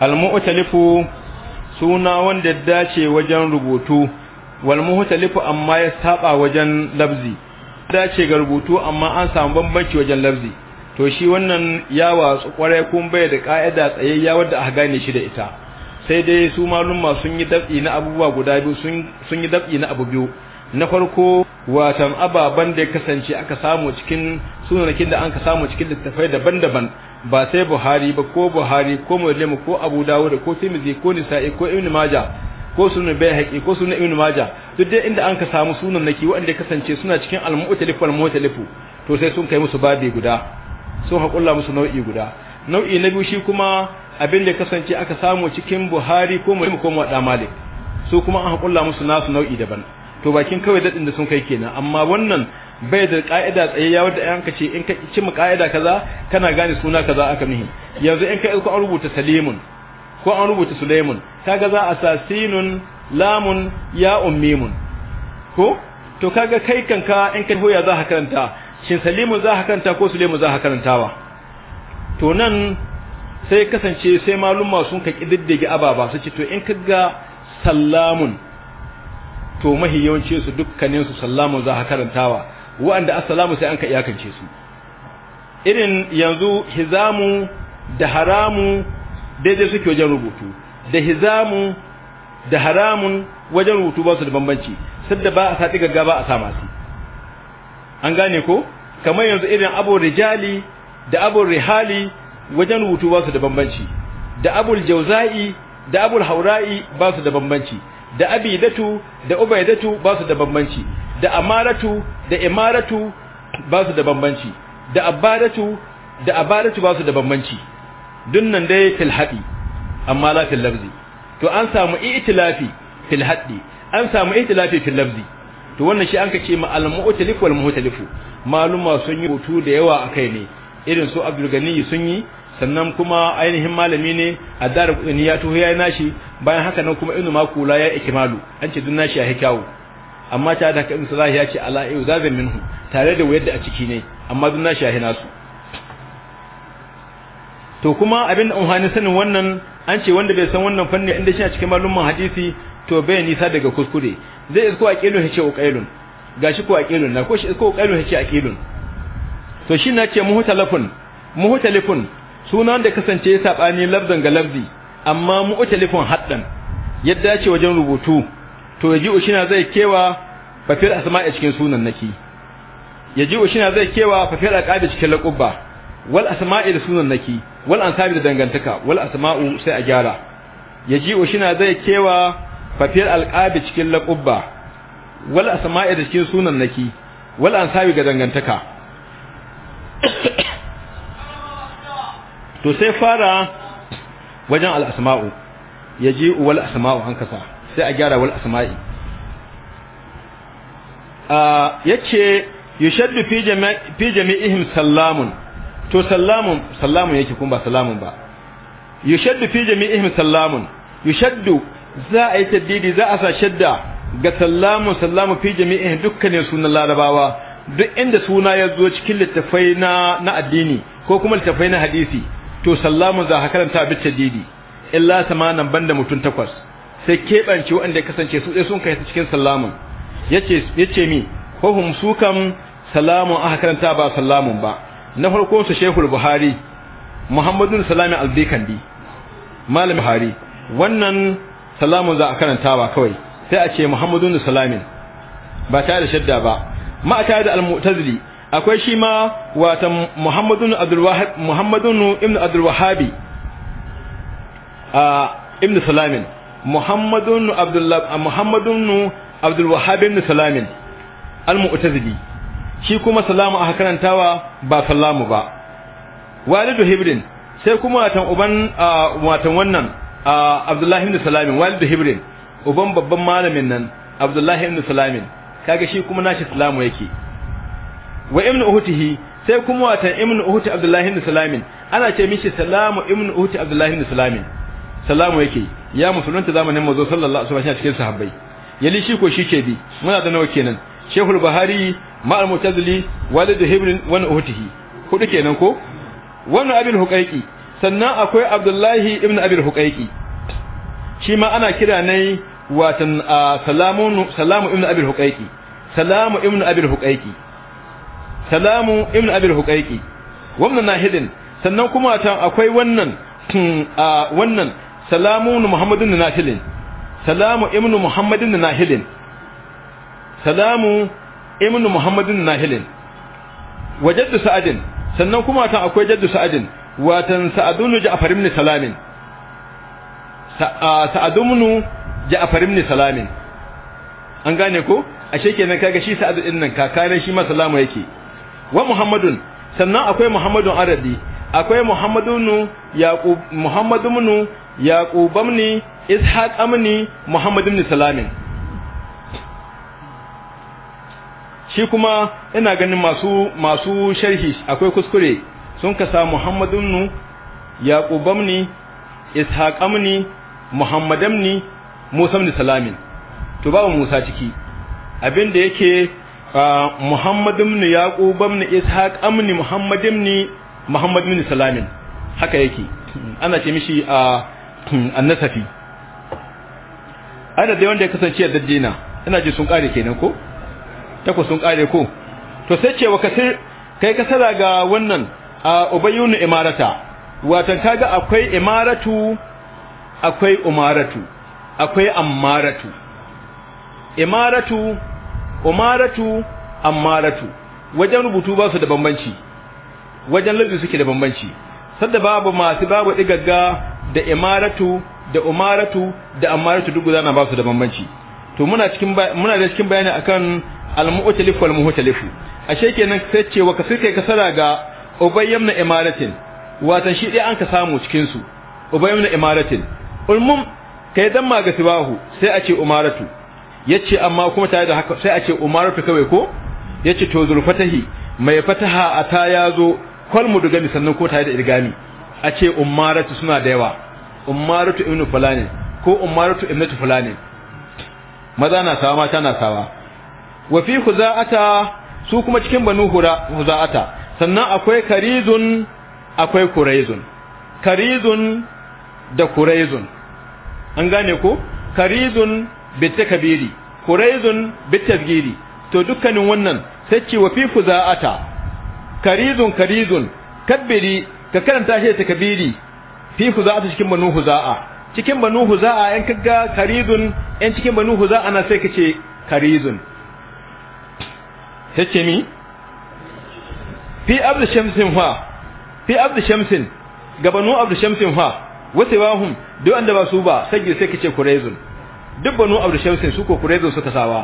almu'talifu suna wanda dace wajen rubutu wal amma ya saba wajen labzi dace ga rubutu amma an samu bambanci wajen labzi to shi wannan ya watsu kwarai kun bai da ka'ida tsayayya wadda aka gane shi da ita sai dai su malumma sun yi dab'i na abubuwa guda biyu sun yi dab'i na abu biyu na farko watan ababan da ya kasance aka samu cikin sunanakin da an ka samu cikin littafai daban-daban ba sai buhari ba ko buhari ko muslim ko abu dawud ko timizi ko nisa'i ko ibn majah ko sunan bayhaqi ko sunan ibn majah duk dai inda an ka samu sunan naki wanda ya kasance suna cikin al-mu'talif wal mu'talif to sai sun kai musu babi guda sun hakulla musu nau'i guda nau'i na biyu shi kuma abin da kasance aka samu cikin buhari ko muslim ko muwadda malik su kuma an hakulla musu nasu nau'i daban to bakin kawai dadin da sun kai kenan amma wannan bai da ka'ida tsayayya wadda ayan ka ce in ka ci ka'ida kaza kana gane suna kaza aka mihi yanzu in ka ko an rubuta salimun ko an rubuta sulaimun kaga za a lamun ya ummimun ko to kaga kai kanka in ka hoya za ka karanta shin salimun za ka karanta ko sulaimun za ka karantawa to nan sai kasance sai malumma sun ka kididdige ababa su ce to in kaga sallamun to mahi yawanci su dukkanin su sallamun za ka karantawa wa'anda assalamu sai an ka iyakance su irin yanzu hizamu da haramu daidai suke wajen rubutu da hizamu da haramun wajen rubutu ba su da bambanci sada ba a sati gaggawa a sama su an gane ko kamar yanzu irin abu rijali da abu rihali wajen rubutu ba su da bambanci da abul jauza'i da abul haura'i ba su da bambanci da abidatu da ubaidatu ba su da bambanci da amaratu da imaratu ba su da bambanci da abadatu da abadatu ba su da bambanci dunnan dai fil haɗi amma la fil lafzi to an samu itilafi fil haɗi an samu itilafi fil lafzi to wannan shi an ka ce ma al mu'talif wal muhtalifu maluma sun yi hutu da yawa akai ne irin su Abdul Gani sun yi sannan kuma ainihin malami ne a darar ya tuhu ya yi nashi bayan haka nan kuma inu makula ya ikimalu an ce dun nashi ya hikawu amma ta da kan salahi ya ce ala ayu zabe minhu tare da wayar da a ciki ne amma dun na shahina su to kuma abin da unhani sanin wannan an ce wanda bai san wannan fanni inda shi a cikin malumman hadisi to bai nisa daga kuskure zai isko aqilun ce uqailun gashi ko aqilun na ko shi isko uqailun ce aqilun to shi na ce muhtalafun muhtalifun sunan da kasance ya sabani labzan ga labzi amma mu'talifun haddan yadda ce wajen rubutu to yaji'u shina zai kewa fa fil asma'i cikin sunan naki yaji'u shina zai kewa fa fil cikin laqubba wal asma'i da sunan naki wal ansabi da dangantaka wal asma'u sai a gyara yaji'u shina zai kewa fa fil alqabi cikin laqubba wal asma'i da cikin sunan naki wal ansabi ga dangantaka to sai fara wajen al asma'u yaji'u wal asma'u hankasa sai a gyara wal asma'i a yace yushaddu fi jama'i fi jami'ihim sallamun to sallamun sallamun yake kun ba sallamun ba yushaddu fi jami'ihim sallamun yushaddu za a yi taddidi za a sa shadda ga sallamun sallamun fi jami'ihim dukkanin sunan larabawa duk inda suna ya zo cikin littafai na na addini ko kuma littafai na hadisi to sallamun za a karanta bi taddidi illa samanan banda mutun takwas sai keɓance waɗanda ya kasance su ɗai sun kai ta cikin salamun ya ce mi fahim su kan salamun aka karanta ba salamun ba na farko su shehul buhari muhammadun salamin albekandi malam buhari wannan salamun za a karanta ba kawai sai a ce muhammadun salamin ba tare da shadda ba ma a tare da almutazili akwai shi ma wata muhammadun muhammadun ibn abdulwahabi a ibn salamin muhammadun abdullah ah, muhammadun abdul wahhab ibn salam al-mu'tazili shi kuma salamu aka karantawa ba salamu ba walidu hibrin sai kuma watan uban ah, watan wannan ah, abdullahi ibn salam walidu hibrin uban babban malamin nan abdullahi ibn salam kaga shi kuma nashi salamu yake wa ibn uhtihi sai kuma watan ibn uhti abdullahi ibn salam ana ce mishi salamu ibn uhti abdullahi ibn salam salamu yake ya musulunta zamanin mazo sallallahu alaihi wasallam cikin sahabbai yali shi ko shi ke bi muna da nawa kenan shehul bahari ma'al mutazili walidu hibrin wa uhtihi hudu kenan ko wannan abin huqaiqi sannan akwai abdullahi ibn abil huqaiqi shi ma ana kira nai watan salamu salamu ibn abil huqaiqi salamu ibn abil huqaiqi salamu ibn abil huqaiqi wannan nahidin sannan kuma ta akwai wannan wannan salamu muhammadin na nahilin salamu ibnu muhammadin na nahilin salamu ibnu muhammadin na nahilin wa jaddu sa'adin sannan kuma ta akwai jaddu sa'adin watan sa'adun ja'far ibn salamin sa'adun ja'far ibn salamin an gane ko ashe kenan kaga shi sa'ad din nan kakanin shi ma salamu yake wa muhammadun sannan akwai muhammadun arabi akwai muhammadun yaqub muhammadun yaqub amni ishaq amni muhammad ibn salamin shi kuma ina ganin masu masu sharhi akwai kuskure sun kasa muhammad nu yaqub amni ishaq amni muhammad amni musa ibn salamin to babu musa ciki abinda yake muhammad ibn yaqub ibn ishaq amni muhammad ibn muhammad ibn salamin haka yake ana ce mishi a annasafi ana dai wanda ya kasance a dajjina ina ji sun kare kenan ko takwas sun kare ko to sai ce wa sai kai sara ga wannan a ubayyun imarata watan kaga akwai imaratu akwai umaratu akwai ammaratu imaratu umaratu ammaratu wajen rubutu ba su da bambanci wajen lafi suke da bambanci sadda babu masu babu digagga da imaratu da umaratu da amaratu duk guda na ba su da bambanci to muna cikin muna da cikin bayani akan al-mu'talif wal muhtalif ashe kenan sai ce wa sai kai kasara ga ubay ibn imaratin wato shi dai an ka samu cikin su ubay ibn imaratin ulmum kai dan ma ga sibahu sai a ce umaratu yace amma kuma tare da haka sai a ce umaratu kawai ko yace to zulfatahi mai fataha ata yazo kalmu daga sannan ko tare da irgami a ce ummaratu suna da yawa ummaratu ibnu fulani ko ummaratu ibnu fulani maza na sawa mata na sawa wa fi khuza'ata su kuma cikin banu khuza'ata sannan akwai karizun akwai kuraizun karizun da kuraizun an gane ko karizun bitakabiri kuraizun bitasgiri to dukkanin wannan sai ce wa fi khuza'ata karizun karizun kabbiri ka karanta shi da takabiri fi huza'atu cikin banu huza'a cikin banu huza'a yan kaga karizun yan cikin banu huza'a na sai kace karidun tace mi fi abdu shamsin fa fi abdu shamsin ga banu abdu shamsin fa wasewahum duk wanda ba su ba sai sai kace kurezun duk banu abdu shamsin su ko kureizun suka sawa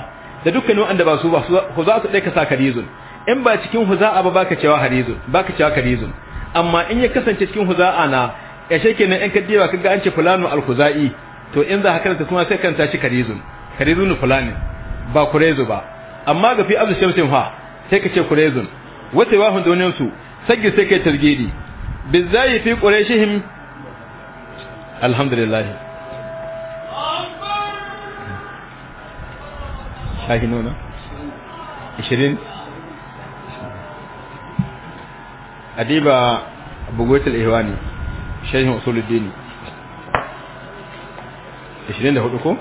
da dukkanin wanda ba su ba su dai ka sa karizun in ba cikin huza'a ba baka cewa harizun baka cewa karizun amma in ya kasance cikin huza'a na ya shake nan in ka diba kaga an ce fulano alhuzai to in za ka karanta kuma sai kanta shi karizun karizun fulani ba kurezu ba amma ga fi azu shamsin fa sai ka ce kurezun wata hun donin su sai sai kai targidi bizai fi qurayshihim alhamdulillah shahi nuna 20 adiba bugotul ihwani sharhin usuluddin 24 ko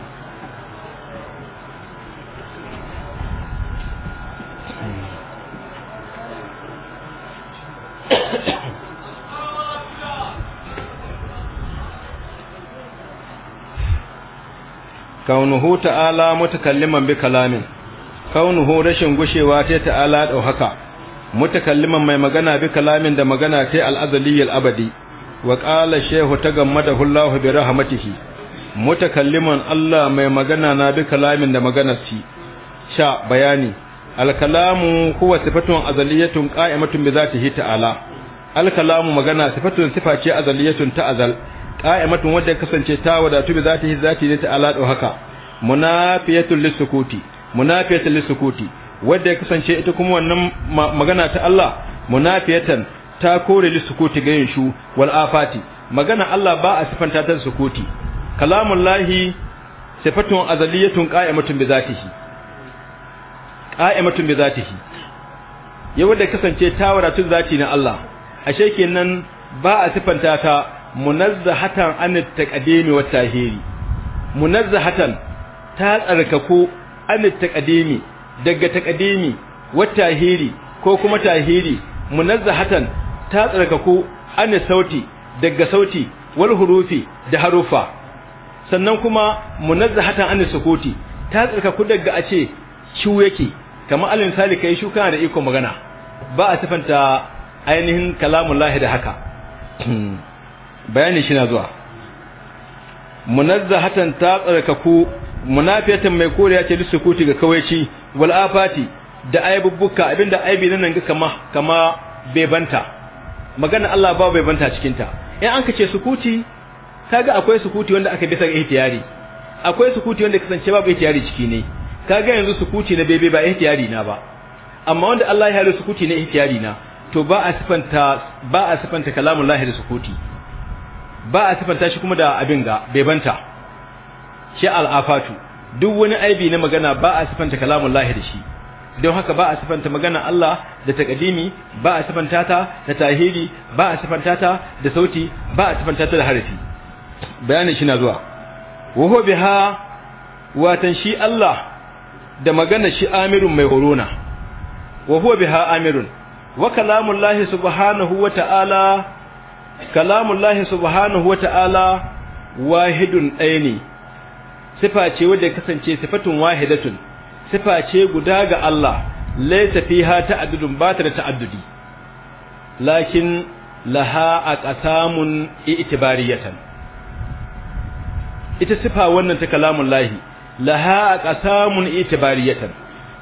kaunuhu ta'ala mutakalliman bi kalamin kaunuhu rashin gushewa ta ta'ala ɗau haka mutakalliman mai magana bi kalamin da magana ta al-azali al-abadi wa qala shaykhu tagammadahu Allah bi rahmatihi mutakalliman Allah mai magana na bi kalamin da magana ci sha bayani al-kalamu huwa sifatun azaliyatun qa'imatun bi zatihi ta'ala al-kalamu magana sifatun sifa ce azaliyatun ta azal qa'imatun wadda kasance ta wadatu bi zatihi zati ne ta'ala do haka munafiyatul lisukuti munafiyatul lisukuti wadda ya kasance ita kuma wannan magana ta Allah munafiyatan ta kore li sukuti gayin shu wal afati magana Allah ba a sifanta ta sukuti kalamun lahi sifatun azaliyatun qa'imatun bi zatihi qa'imatun bi zatihi yau da kasance ta wadatun zati na Allah ashe kenan ba a sifanta ta munazzahatan an taqdimi wat tahiri munazzahatan ta tsarkako an taqdimi daga takadimi wa ko kuma tahiri munazzahatan ta tsarkaku an sauti daga sauti wal hurufi da harufa sannan kuma munazzahatan an sukuti ta tsarkaku daga a ce ciwo yake kamar alin salika yi shuka da iko magana ba a sifanta ainihin kalamun lahi da haka bayani shi na zuwa munazzahatan ta tsarkaku munafiyatin mai ya ce duk sukuti ga kawaici wal afati da aibubbuka abinda aibi nan ga kama kama banta magana Allah ba banta cikin ta in an kace sukuti kaga akwai sukuti wanda aka bisa ga ihtiyari akwai sukuti wanda kasance babu ihtiyari ciki ne kaga yanzu sukuti na bebe ba ihtiyari na ba amma wanda Allah ya halu sukuti na ihtiyari na to ba a sifanta ba a sifanta kalamullahi da sukuti ba a sifanta shi kuma da abin ga bai banta. shi al'afatu duk wani aibi na magana ba a sifanta kalamun lahi da shi don haka ba a sifanta magana Allah da taqdimi ba a sifanta ta da tahiri ba a sifanta ta da sauti ba a sifanta ta da harfi bayanin shi na zuwa wa biha watan shi Allah da magana shi amirun mai horona wa biha amirun wa kalamun lahi subhanahu wa ta'ala kalamun lahi subhanahu wa ta'ala wahidun ɗaya ne sifa ce wadda kasance sifatun wahidatun sifa ce guda ga Allah laysa fiha ta'addudun ba ta da ta'addudi lakin laha aqsamun i'tibariyatan ita sifa wannan ta kalamun lahi laha aqsamun i'tibariyatan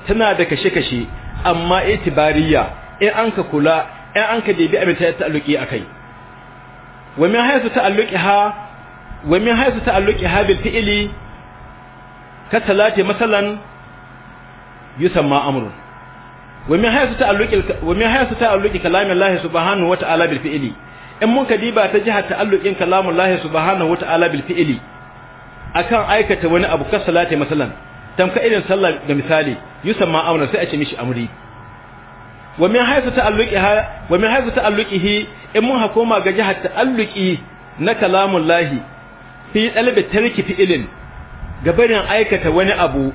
tana da kashe-kashe amma i'tibariya in anka kula in anka debi abin ta ta'alluki akai wa min haythu ta'alluqiha wa min haythu ta'alluqiha bil fi'li كالصلاة مثلا يسمى أمر ومن حيث تعلق ومن حيث kalamin كلام الله سبحانه وتعالى بالفعل in mun kadiba ta jihar ta'alluqin kalamullahi subhanahu wata'ala bil fi'li akan aikata wani abu ka salati masalan tamka irin sallah da misali yusamma amra sai a ce mishi amri wa min haythu ta'alluqiha wa min haythu ta'alluqihi in mun hakoma ga jihar ta'alluqi na lahi fi dalbi tarki fi'lin ga barin aikata wani abu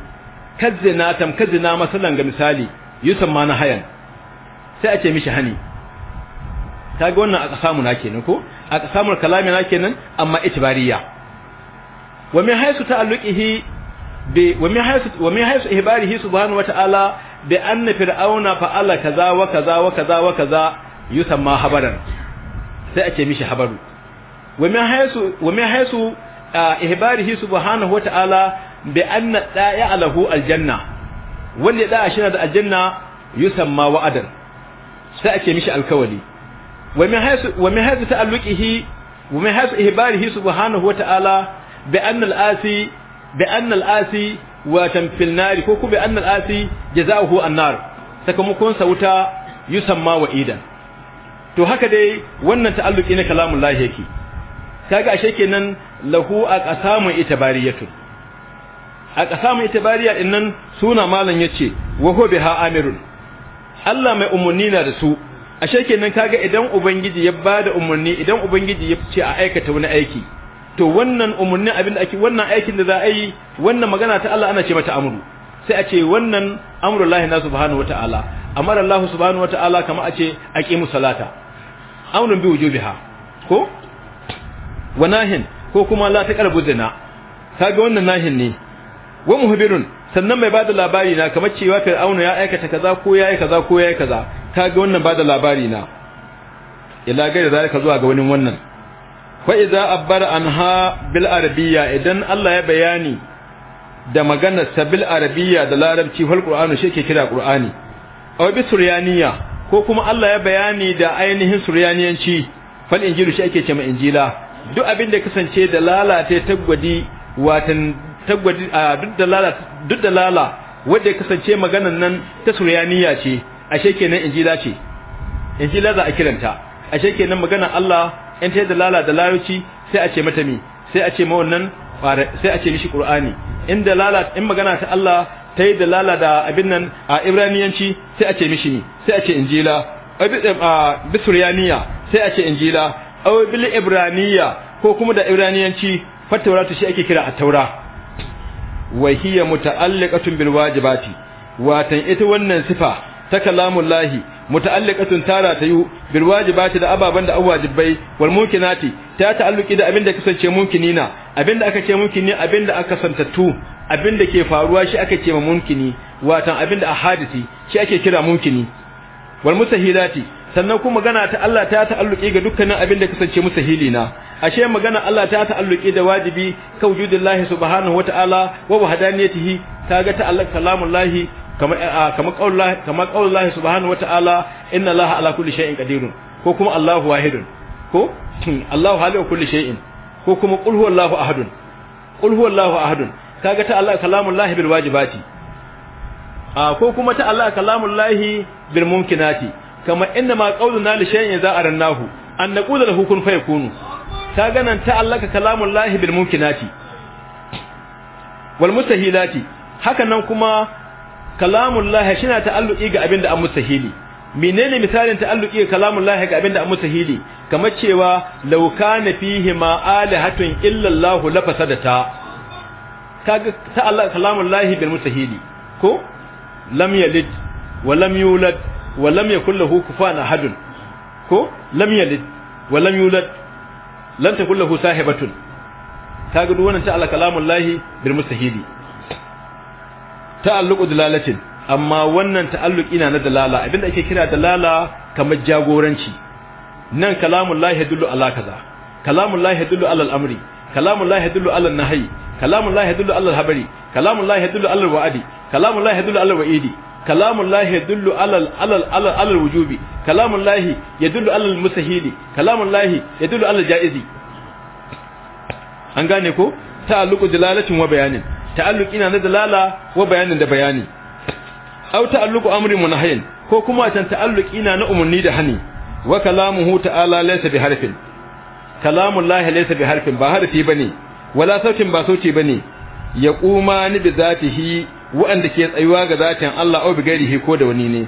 kazzina tamkazzina masalan ga misali yusuf ma na hayan sai a ce mishi hani kaga wannan a kasamu na kenan ko a kasamul kalami na kenan amma itibariya wa min haythu ta'alluqihi bi wa min haythu wa min haythu ihbarihi subhanahu wa ta'ala bi anna fir'auna fa'ala kaza wa kaza wa kaza wa kaza yusuf ma habaran sai a ce mishi habaru wa min haythu wa min haythu ihbarihi subhanahu wata'ala bi anna da'a lahu aljanna wanda da'a shi da aljanna yusamma wa'adan sai ake mishi alkawali wa min haythu wa min haythu ta'alluqihi wa min haythu ihbarihi subhanahu wata'ala bi anna al-asi bi anna ko wuta wa'idan to haka dai wannan ta'alluqi na kalamullahi yake kaga ashe kenan lahu a mai ita bariya itabariya nan suna malam yace wa huwa biha amirun Allah mai umurni na da su ashe kenan kaga idan ubangiji ya bada umurni idan ubangiji ya ce a aikata wani aiki to wannan umurni abin da ake wannan aikin da za a yi wannan magana ta Allah ana ce mata amru sai a ce wannan amrullahi na subhanahu wataala amara Allah subhanahu wataala kama a ce aqimu salata amrun bi wujubiha ko wanahin ko kuma la buzina zina kaga wannan nahin ne wa muhbirun sannan mai bada labari na kamar cewa fir'auna ya aikata kaza ko ya yi kaza ko ya yi kaza kaga wannan bada labari na ila gaira zalika zuwa ga wani wannan fa idza abbara anha bil arabiyya idan Allah ya bayani da ta bil arabiyya da larabci fal qur'anu shi ke kira qur'ani aw bi suryaniya ko kuma Allah ya bayani da ainihin suryaniyanci fal injilu shi ake cewa injila duk abin da kasance da lalata tagwadi watan tagwadi duk da lala duk da lala wanda ya kasance maganan nan ta suryaniya ce ashe kenan injila ce injila za a kiranta ashe kenan maganan Allah in ta da lala da laruci sai a ce mata mi sai a ce ma wannan sai a ce mishi qur'ani in da lala in magana ta Allah ta yi da lala da abin nan a ibraniyanci sai a ce mishi mi sai a ce injila a bisuriyaniya sai a ce injila aw bil ibraniyya ko kuma da ibraniyanci fatawratu shi ake kira a taura wa hiya muta'alliqatun bil wajibati watan ita wannan sifa ta kalamullahi muta'alliqatun tara ta yu bil wajibati da ababan da awajibai wal mumkinati ta ta'alluki da abinda kasance mumkinina abinda aka ce mumkini abinda aka santattu abinda ke faruwa shi aka ce mumkini watan abinda ahadisi shi ake kira mumkini wal mutahilati sannan kuma magana ta Allah ta ta'alluki ga dukkanin abin da kasance musu hilina ashe magana Allah ta ta'alluki da wajibi ka wujudillahi subhanahu wata'ala wa wahdaniyatihi kaga Allah kalamullahi kamar kamar qaulullahi kamar qaulullahi subhanahu wata'ala inna allaha ala kulli shay'in qadirun ko kuma allahu wahidun ko allahu wa kulli shay'in ko kuma qul huwallahu ahadun qul huwallahu ahadun kaga Allah kalamullahi bil wajibati ko kuma Allah kalamullahi bil mumkinati kama inda ma na li shay'in idza arannahu an naqulu lahu kun fayakunu ka ganan ta'allaka kalamullahi bil mumkinati wal mustahilati haka nan kuma kalamun lahi shi na ta'alluki ga abinda an mustahili menene misalin ta'alluki ga kalamun lahi ga abinda an mustahili kamar cewa law kana fihi ma alihatun illa allah la fasadata kaga kalamun lahi bil mustahili ko lam yalid wa lam yulad wa lam yakul lahu kufuwan ahadun wa lam yulad lam takul lahu sahibatun kaga duk wannan ta ala kalamul lahi bil mustahili ta'alluqu amma wannan ta'alluqi na na dalala abinda ake kira dalala kamar jagoranci nan kalamul lahi yadullu ala kaza kalamul lahi yadullu ala al-amri kalamul lahi yadullu ala an-nahyi kalamul lahi yadullu ala al-habari kalamul lahi yadullu ala al-wa'di kalamul lahi yadullu ala al-wa'idi kalamun lahi yadullu alal alal alal alal wujubi kalamun lahi yadullu alal musahili kalamun lahi yadullu alal jaizi an gane ko ta'alluqu dalalatin wa bayanin ta'alluqi na dalala wa bayanin da bayani aw ta'alluqu amrin wa nahyin ko kuma tan ta'alluqi na na umurni da hani wa kalamuhu ta'ala laysa bi harfin kalamun lahi laysa bi harfin ba harfi bane wala sautin ba sauti bane yaquma ni bi zatihi wa'anda ke tsayuwa ga zatin Allah aw bi gairihi ko da wani ne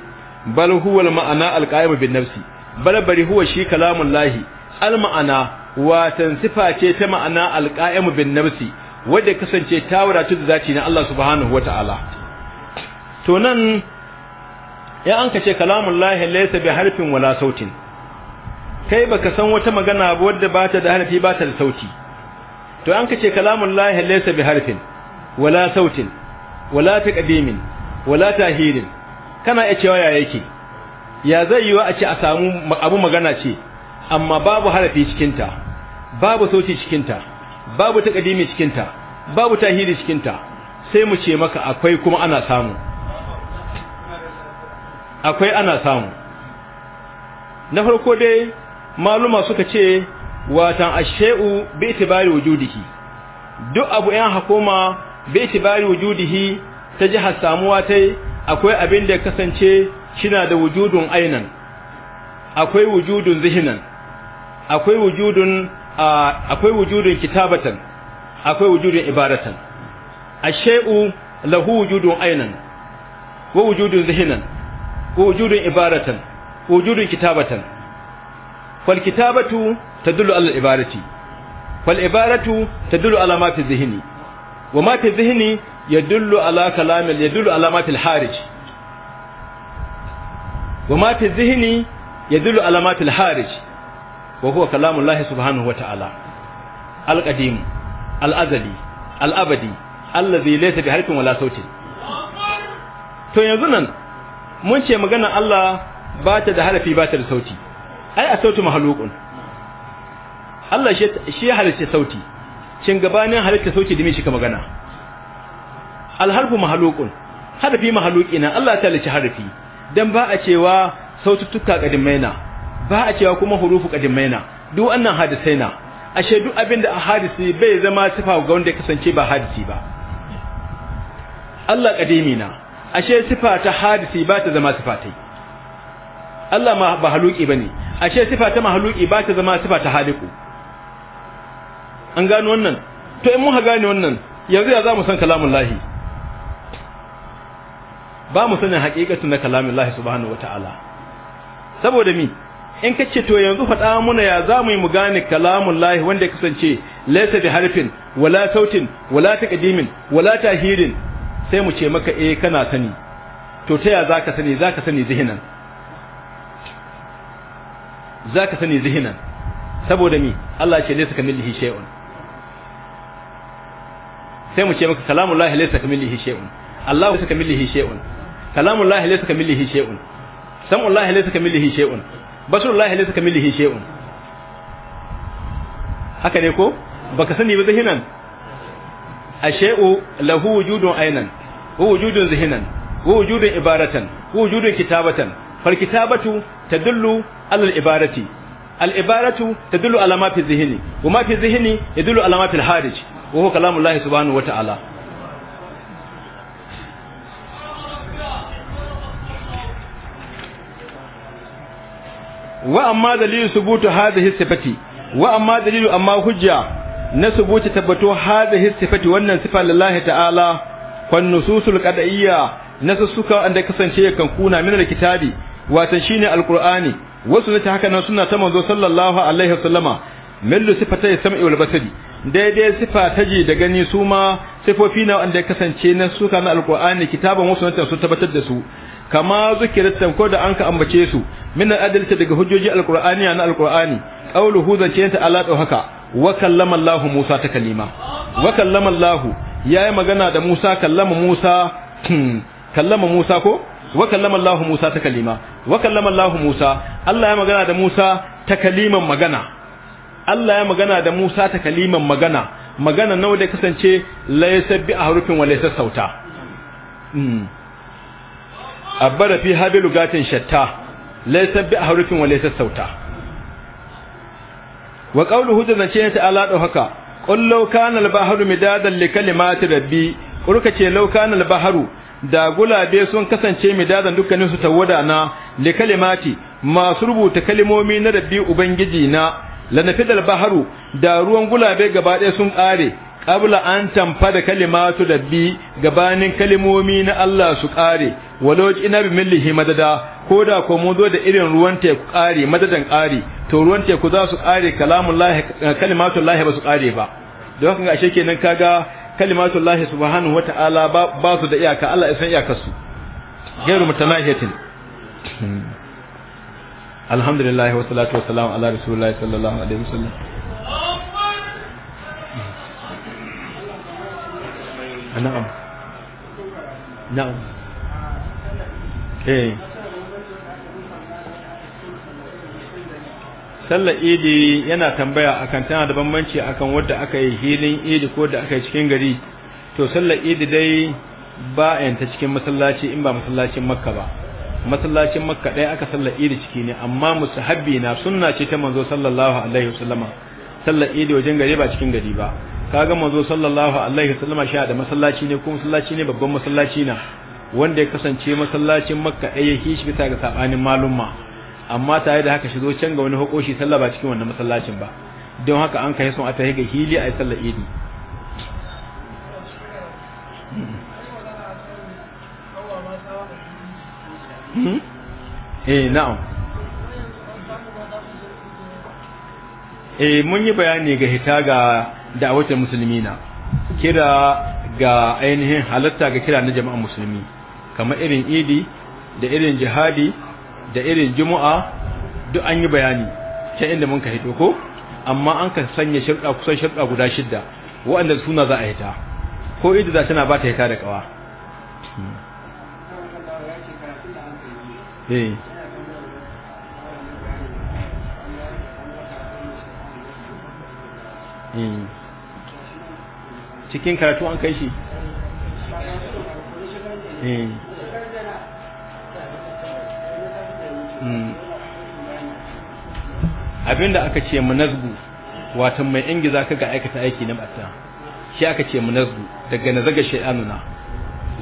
bal huwa al ma'ana al qa'im bin nafsi bal bari huwa shi kalamun lahi al ma'ana tan sifa ce ta ma'ana al qa'im bin nafsi wanda kasance ta wadatu da zati na Allah subhanahu wataala to nan ya an kace kalamun lahi laysa bi harfin wala sautin kai baka san wata magana ba wadda bata da harfi bata da sauti to an kace kalamun lahi laysa bi harfin wala sautin wala ta ƙadimin wala ta hirin kana iya cewa ya yake ya zai yi wa a ce a samu abu magana ce amma babu harafi cikinta babu sauti cikinta babu ta cikin cikinta babu ta hiri cikinta sai mu ce maka akwai kuma ana samu akwai ana samu na farko dai maluma suka ce watan ashe'u bi itibari wujudiki duk abu yan hakoma bi itibari wujudihi ta jihar samuwa tai akwai abin da kasance shina da wujudun ainan akwai wujudun zihinan akwai wujudun akwai wujudun kitabatan akwai wujudun ibaratan ashe'u lahu wujudun ainan wa wujudun zihinan wa wujudun ibaratan wujudun kitabatan fal kitabatu tadullu ala ibarati fal ibaratu tadullu ala ma fi zihni wa ma fi zihni yadullu ala kalamil yadullu ala ma fil harij ala ma fil harij wa huwa kalamullah subhanahu wa ta'ala al al-azali al-abadi wala sautin to yanzu nan mun ce magana Allah ba ta da harafi ba ta da sauti ai a sautu mahalukun Allah shi halice sauti shin gabanin halitta sauke dimi shi ka magana alharfu mahalukun harfi mahaluki na Allah ta lici harfi dan ba a cewa saututtuka kadimaina ba a cewa kuma hurufu kadimaina duk wannan hadisai na ashe duk abinda a hadisi bai zama sifa ga wanda ya kasance ba hadisi ba Allah kadimi na ashe sifa ta hadisi ba ta zama sifa ta Allah ma ba bane ashe sifa ta mahaluki ba ta zama sifa ta haliku an gano wannan to in muka gane wannan yanzu ya za mu san kalamun lahi ba mu sanin haƙiƙatun na kalamun lahi subhanahu wa ta'ala saboda mi in ka ce to yanzu faɗa muna ya za mu yi mu gane kalamun lahi wanda ya kasance laisa bi harfin wala sautin wala taqdimin wala tahirin sai mu ce maka eh kana sani to ta ya za ka sani za ka sani zihinan za ka sani zihinan saboda mi Allah ce laisa kamilihi shay'un sai mu ce maka kalamun lahi laysa kamilihi shay'un Allahu laysa kamilihi shay'un kalamun lahi laysa kamilihi shay'un sam'un lahi laysa kamilihi shay'un basarun lahi laysa kamilihi shay'un haka ne ko baka sani ba zahinan la lahu wujudun aynan wa wujudun zahinan wa wujudun ibaratan wa wujudun kitabatan fal kitabatu tadullu ala al ibarati al ibaratu tadullu ala ma fi dhihni wa ma fi dhihni yadullu ala ma fi al harij wa huwa kalamullahi subhanahu wata'ala wa amma dalilu subutu hadhihi sifati wa amma dalilu amma hujja na subuti tabbato hadhihi sifati wannan sifa lillahi ta'ala fan nususul nasu suka kasance kan kuna min alkitabi watan shine alqur'ani wasu ne ta haka nan ta manzo sallallahu alaihi wasallama millu sifata ya sam'i wal basari daidai sifa ta ji da gani su ma sifofi na wanda ya kasance na suka na alqur'ani kitaban wasu nan sun tabbatar da su kama zikirta ko da anka ambace su min adalci daga hujjoji alqur'aniya na alqur'ani qawluhu zance ta ala do haka wa kallama Allah Musa ta kalima wa kallama Allah yayi magana da Musa kallama Musa kallama Musa ko wa kallama Allah Musa ta kalima wa kallama Allah Musa Allah ya magana da Musa ta kaliman magana Allah ya magana da Musa ta kaliman magana magana nawa da kasance laysa bi ahrufin wa laysa sauta hmm. abara fi hadi lugatin shatta laysa bi ahrufin wa laysa sauta wa qawluhu zance ta ala da haka qul law kana al bahru midadan li kalimati rabbi kurka ce law kana al bahru da gulabe sun kasance midadan dukkanin su tawada na li kalimati masu rubuta kalimomi na rabbi ubangiji na lanafidal baharu da ruwan gulabe gaba ɗaya sun ƙare qabla an tamfa da kalimatu da bi gabanin kalimomi na Allah su ƙare walau ina bi millihi madada ko da ko mun zo da irin ruwan teku ƙare madadan ƙare to ruwan teku za su ƙare kalamullahi kalimatullahi ba su ƙare ba don haka ashe kenan kaga kalimatu kalimatullahi subhanahu wata'ala ba su da iyaka Allah ya san iyakarsu gairu mutanahiyatin hmm. alhamdulillah wa salatu wa salam ala rasulullah sallallahu alaihi wasallam ah, na'am na'am eh sallar idi yana tambaya akan tana da bambanci akan wadda aka yi hilin idi ko da aka yi cikin gari to sallar idi dai ba yanta cikin masallaci in ba masallacin makka ba masallacin makka ɗaya aka sallar idi ciki ne amma musahabbi na sunna ce ta manzo sallallahu alaihi wasallama sallar idi wajen gari ba cikin gari ba kaga manzo sallallahu alaihi wasallama shi da masallaci ne ko masallaci ne babban masallaci na wanda ya kasance masallacin makka ɗaya yake shi bisa ga sabanin malumma amma tare da haka shigo can ga wani hukoshi sallah ba cikin wannan masallacin ba don haka an kai sun a yi ga hili a sallar idi hmm. Hmm? eh na'am eh mun yi bayani ga hita ga da'awatar musulmi na kira ga ainihin halatta ga kira na jama'an musulmi kamar irin idi da irin jihadi da irin juma'a duk an yi bayani ta inda mun ka hito ko amma an ka sanya shirka kusan shirka guda shidda waɗanda suna za a hita ko idi za tana ba ta hita da kawa hmm. Eh. Eh. cikin karatu an kai shi eh. hmm. abinda aka ce munazgu wata mai ingiza ka ga aikata aiki na batta shi aka ce munazgu daga nazaga shaidanuna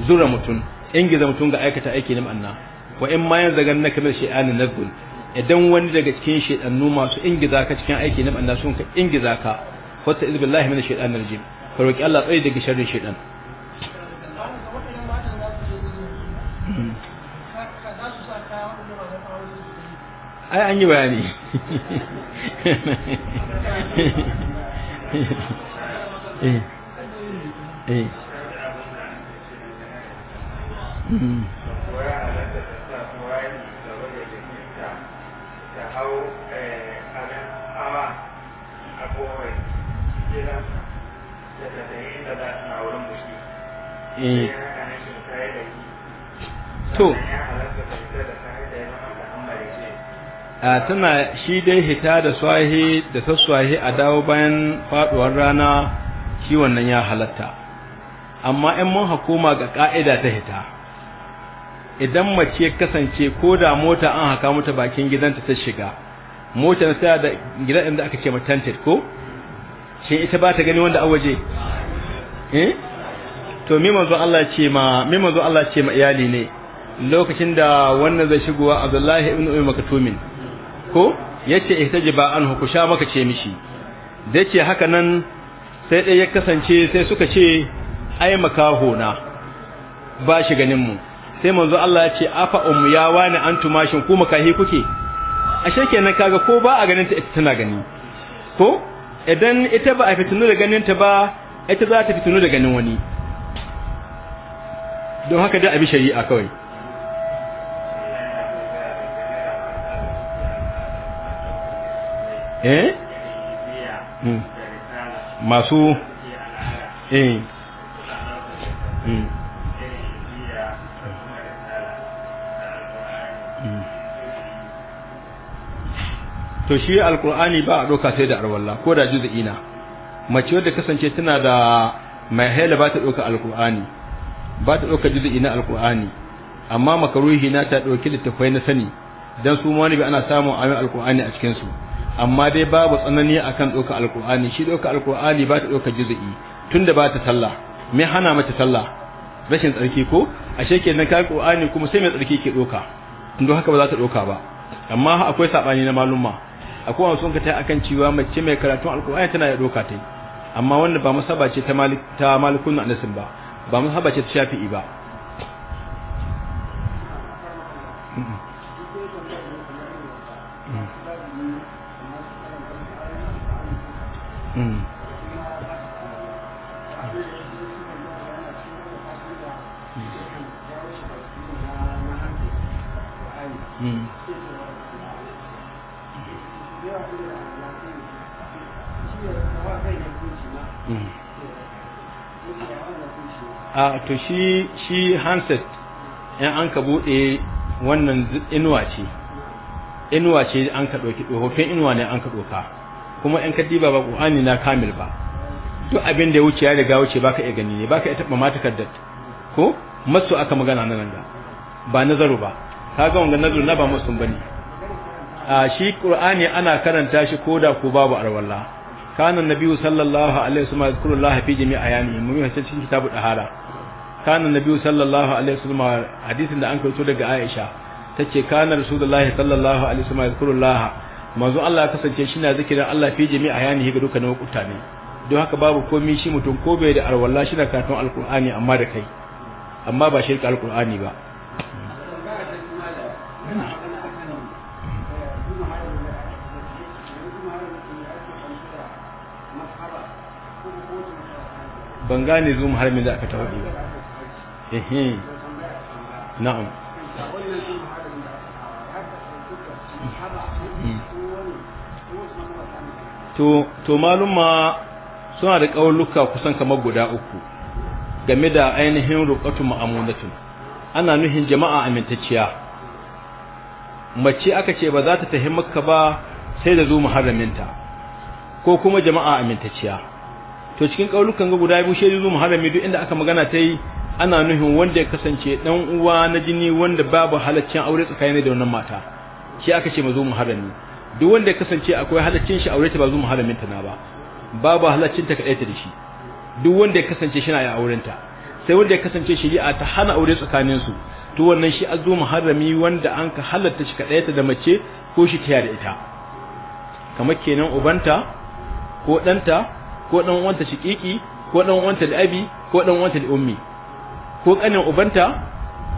zura ingi ingiza mutum ga aikata aiki na batta. wa in ma mai shi'ani na gul idan wani daga cikin shaidannu masu ingiza ka cikin aiki na banda sun ka ingiza ka wata iz billahi mana shaytanir rajim ka roƙi Allah tsaye daga sharrin shaidan hmm. ai an yi bayani Mm-hmm. eh to a tana shi dai hita da swahi da taswahi a dawo bayan faduwar rana shi wannan ya halatta amma in mun hukuma ga ka'ida ta hita idan mace kasance ko da mota an haka mata bakin gidanta ta shiga motar ta da gidan da aka ce ma ko shi ita ba ta gani wanda a waje eh to mi manzo Allah ce ma mi manzo Allah ce ma iyali ne lokacin da wannan zai shigowa Abdullahi ibn Ummi Maktumin ko yace ihtajiba anhu ku sha maka ce mishi da yace haka nan sai dai ya kasance sai suka ce ai makaho na ba shi ganin mu sai manzo Allah ya ce afa um ya wani antuma shin ku makahi kuke ashe kenan kaga ko ba a ganin ta ita tana gani ko idan ita ba a fitinu da ganin ta ba ita za ta fitinu da ganin wani don haka da abi shari'a kawai eh hmm. masu eh hmm. Hmm. to shi alkur'ani ba a ɗauka sai da arwalla ko da juz'ina mace wadda kasance tana da mai haila ba ta ɗauka alkur'ani ba ta ɗauka juzu'i na alƙur'ani amma makaruhi na ta ɗauki littafai na sani dan su ma bi ana samun ayoyin alƙur'ani a cikin su amma dai babu tsanani akan ɗauka alƙur'ani shi ɗauka alƙur'ani ba ta ɗauka juzu'i tunda ba ta sallah me hana mata sallah rashin tsarki ko ashe kenan ka alƙur'ani kuma sai mai tsarki ke ɗauka don haka ba za ta ɗauka ba amma akwai saɓani na malumma akwai wasu ka akan cewa mace mai karatun alƙur'ani tana ya ɗauka ta amma wannan ba masaba ce ta malikun annasin ba ba mazhaba ce ta shafi'i ba a to shi shi handset in an ka bude wannan inuwa ce inuwa ce an ka ɗauki hoton inuwa ne an ka doka kuma in ka diba ba qurani na kamil ba duk abin da ya wuce ya riga wuce baka iya gani ne baka iya taɓa ma takardar ko masu aka magana nan ga ba nazaru ba Ka ga wanga nazaru na ba masu bane a shi qur'ani ana karanta shi koda ko babu arwalla kana nabi sallallahu alaihi wasallam yazkuru Allah fi jami' ayami mun yi cikin kitabu dahara kana nabi sallallahu alaihi wasallam hadisin da an kawo daga Aisha tace kana rasulullahi sallallahu alaihi wasallam yazkuru Allah manzo Allah kasance shi na zikirin Allah fi jami' ayami ga dukkan lokuta ne don haka babu komai shi mutum ko bai da alwala shi na karatun alqur'ani amma da kai amma ba shirka alqur'ani ba ban gane zuwa harbin da aka ta ba ehe na'am to to maluma suna da luka kusan kamar guda uku game da ainihin rukatu ma'amunatun ana nuhin jama'a amintacciya mace aka ce ba za ta tahi makka ba sai da zuwa haraminta ko kuma jama'a amintacciya to cikin kaulukan ga guda biyu shaidu muharrami duk inda aka magana ta yi ana nuhin wanda ya kasance dan uwa na jini wanda babu halaccin aure tsakanin da wannan mata shi aka ce mazu muharrami duk wanda ya kasance akwai halaccin shi aure ta ba zu muharramin ta na ba babu halaccin ta kadaita da shi duk wanda ya kasance shi na ya auren ta sai wanda ya kasance shi a ta hana aure tsakanin su to wannan shi azu muharrami wanda an ka halatta shi kadaita da mace ko shi ta da ita kamar kenan ubanta ko danta ko dan uwanta shiqiqi ko dan uwanta abi ko dan uwanta ummi ko kanin ubanta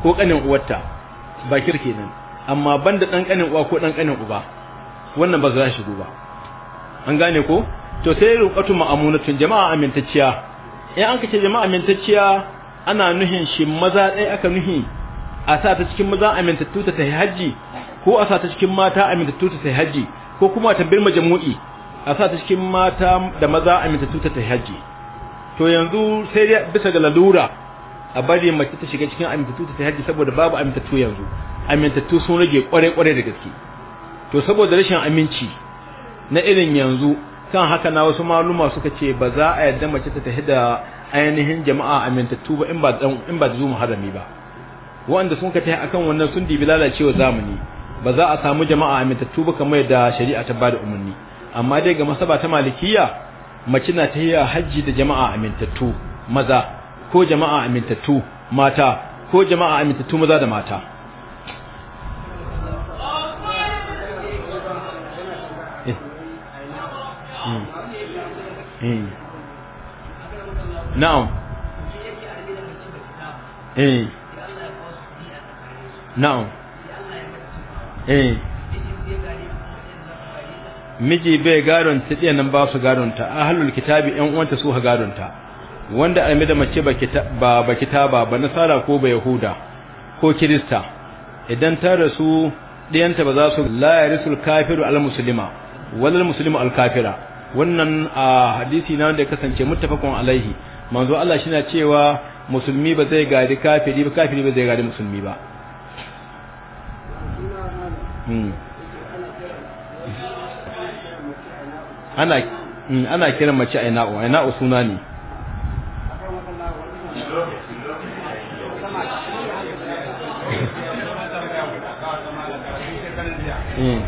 ko kanin uwarta bakir kenan amma banda dan kanin uwa ko dan kanin uba wannan ba za shigo ba an gane ko to sai ruqatu ma'amunatun jama'a amintacciya in an kace jama'a amintacciya ana nuhin shi maza dai aka nuhi a sa ta cikin maza amintattu ta tayi haji ko a sa ta cikin mata amintattu ta tayi haji ko kuma tabbir majmu'i a sa ta cikin mata da maza amintattu ta hajji to yanzu sai dai bisa ga lalura a bari mace ta shiga cikin amintattu ta hajji saboda babu amintattu yanzu amintattu sun rage kware kware da gaske to saboda rashin aminci na irin yanzu kan haka na wasu maluma suka ce ba za a yadda mace ta tafi da ainihin jama'a amintattu ba in ba in ba zuwa harami ba wanda sun ka ta akan wannan sun dibi lalacewa zamani ba za a samu jama'a amintattu ba kamar da shari'a ta bada umarni amma dai ga masaba ta malikiya mace na ta yi hajji da jama'a amintattu maza ko jama'a amintattu mata ko jama'a amintattu maza da mata eh. Hmm. Eh. na'am eh na'am eh miji bai gadon ta ɗiyan nan ba su gadon ta ahlul kitabi ƴan uwanta su ha gadon ta wanda almi da mace ba ba kitaba ba nasara ko ba yahuda ko kirista idan ta rasu ɗiyanta ba za su la yarisul kafiru al muslima wal muslimu al kafira wannan a hadisi na wanda ya kasance muttafaqun alaihi manzo Allah shi na cewa musulmi ba zai gadi kafiri ba kafiri ba zai gadi musulmi ba hmm. ana mm, ana kiran mace aina'u aina'u suna ne mm.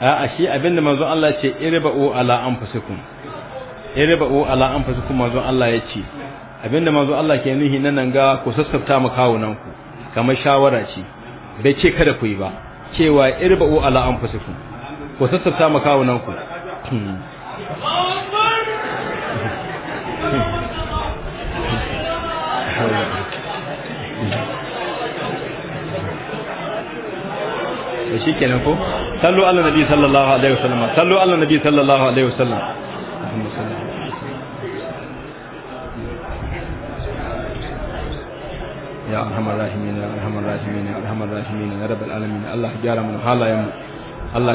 a da shi abinda manzo Allah ce iriba'u ala anfusikum iriba'u ala anfusikum manzo Allah ya ce abinda manzo Allah ke nuhi nan ga ku sassafta mu kawunan ku kamar shawara ce bai ce kada ku yi ba cewa irba'u ala anfusikum ku sassafta mu kawunan ku shi kenan ko sallu ala nabi sallallahu alaihi wasallam sallu ala nabi sallallahu alaihi wasallam يا ارحم الراحمين يا ارحم الراحمين يا ارحم الراحمين يا رب العالمين الله من حالا يمو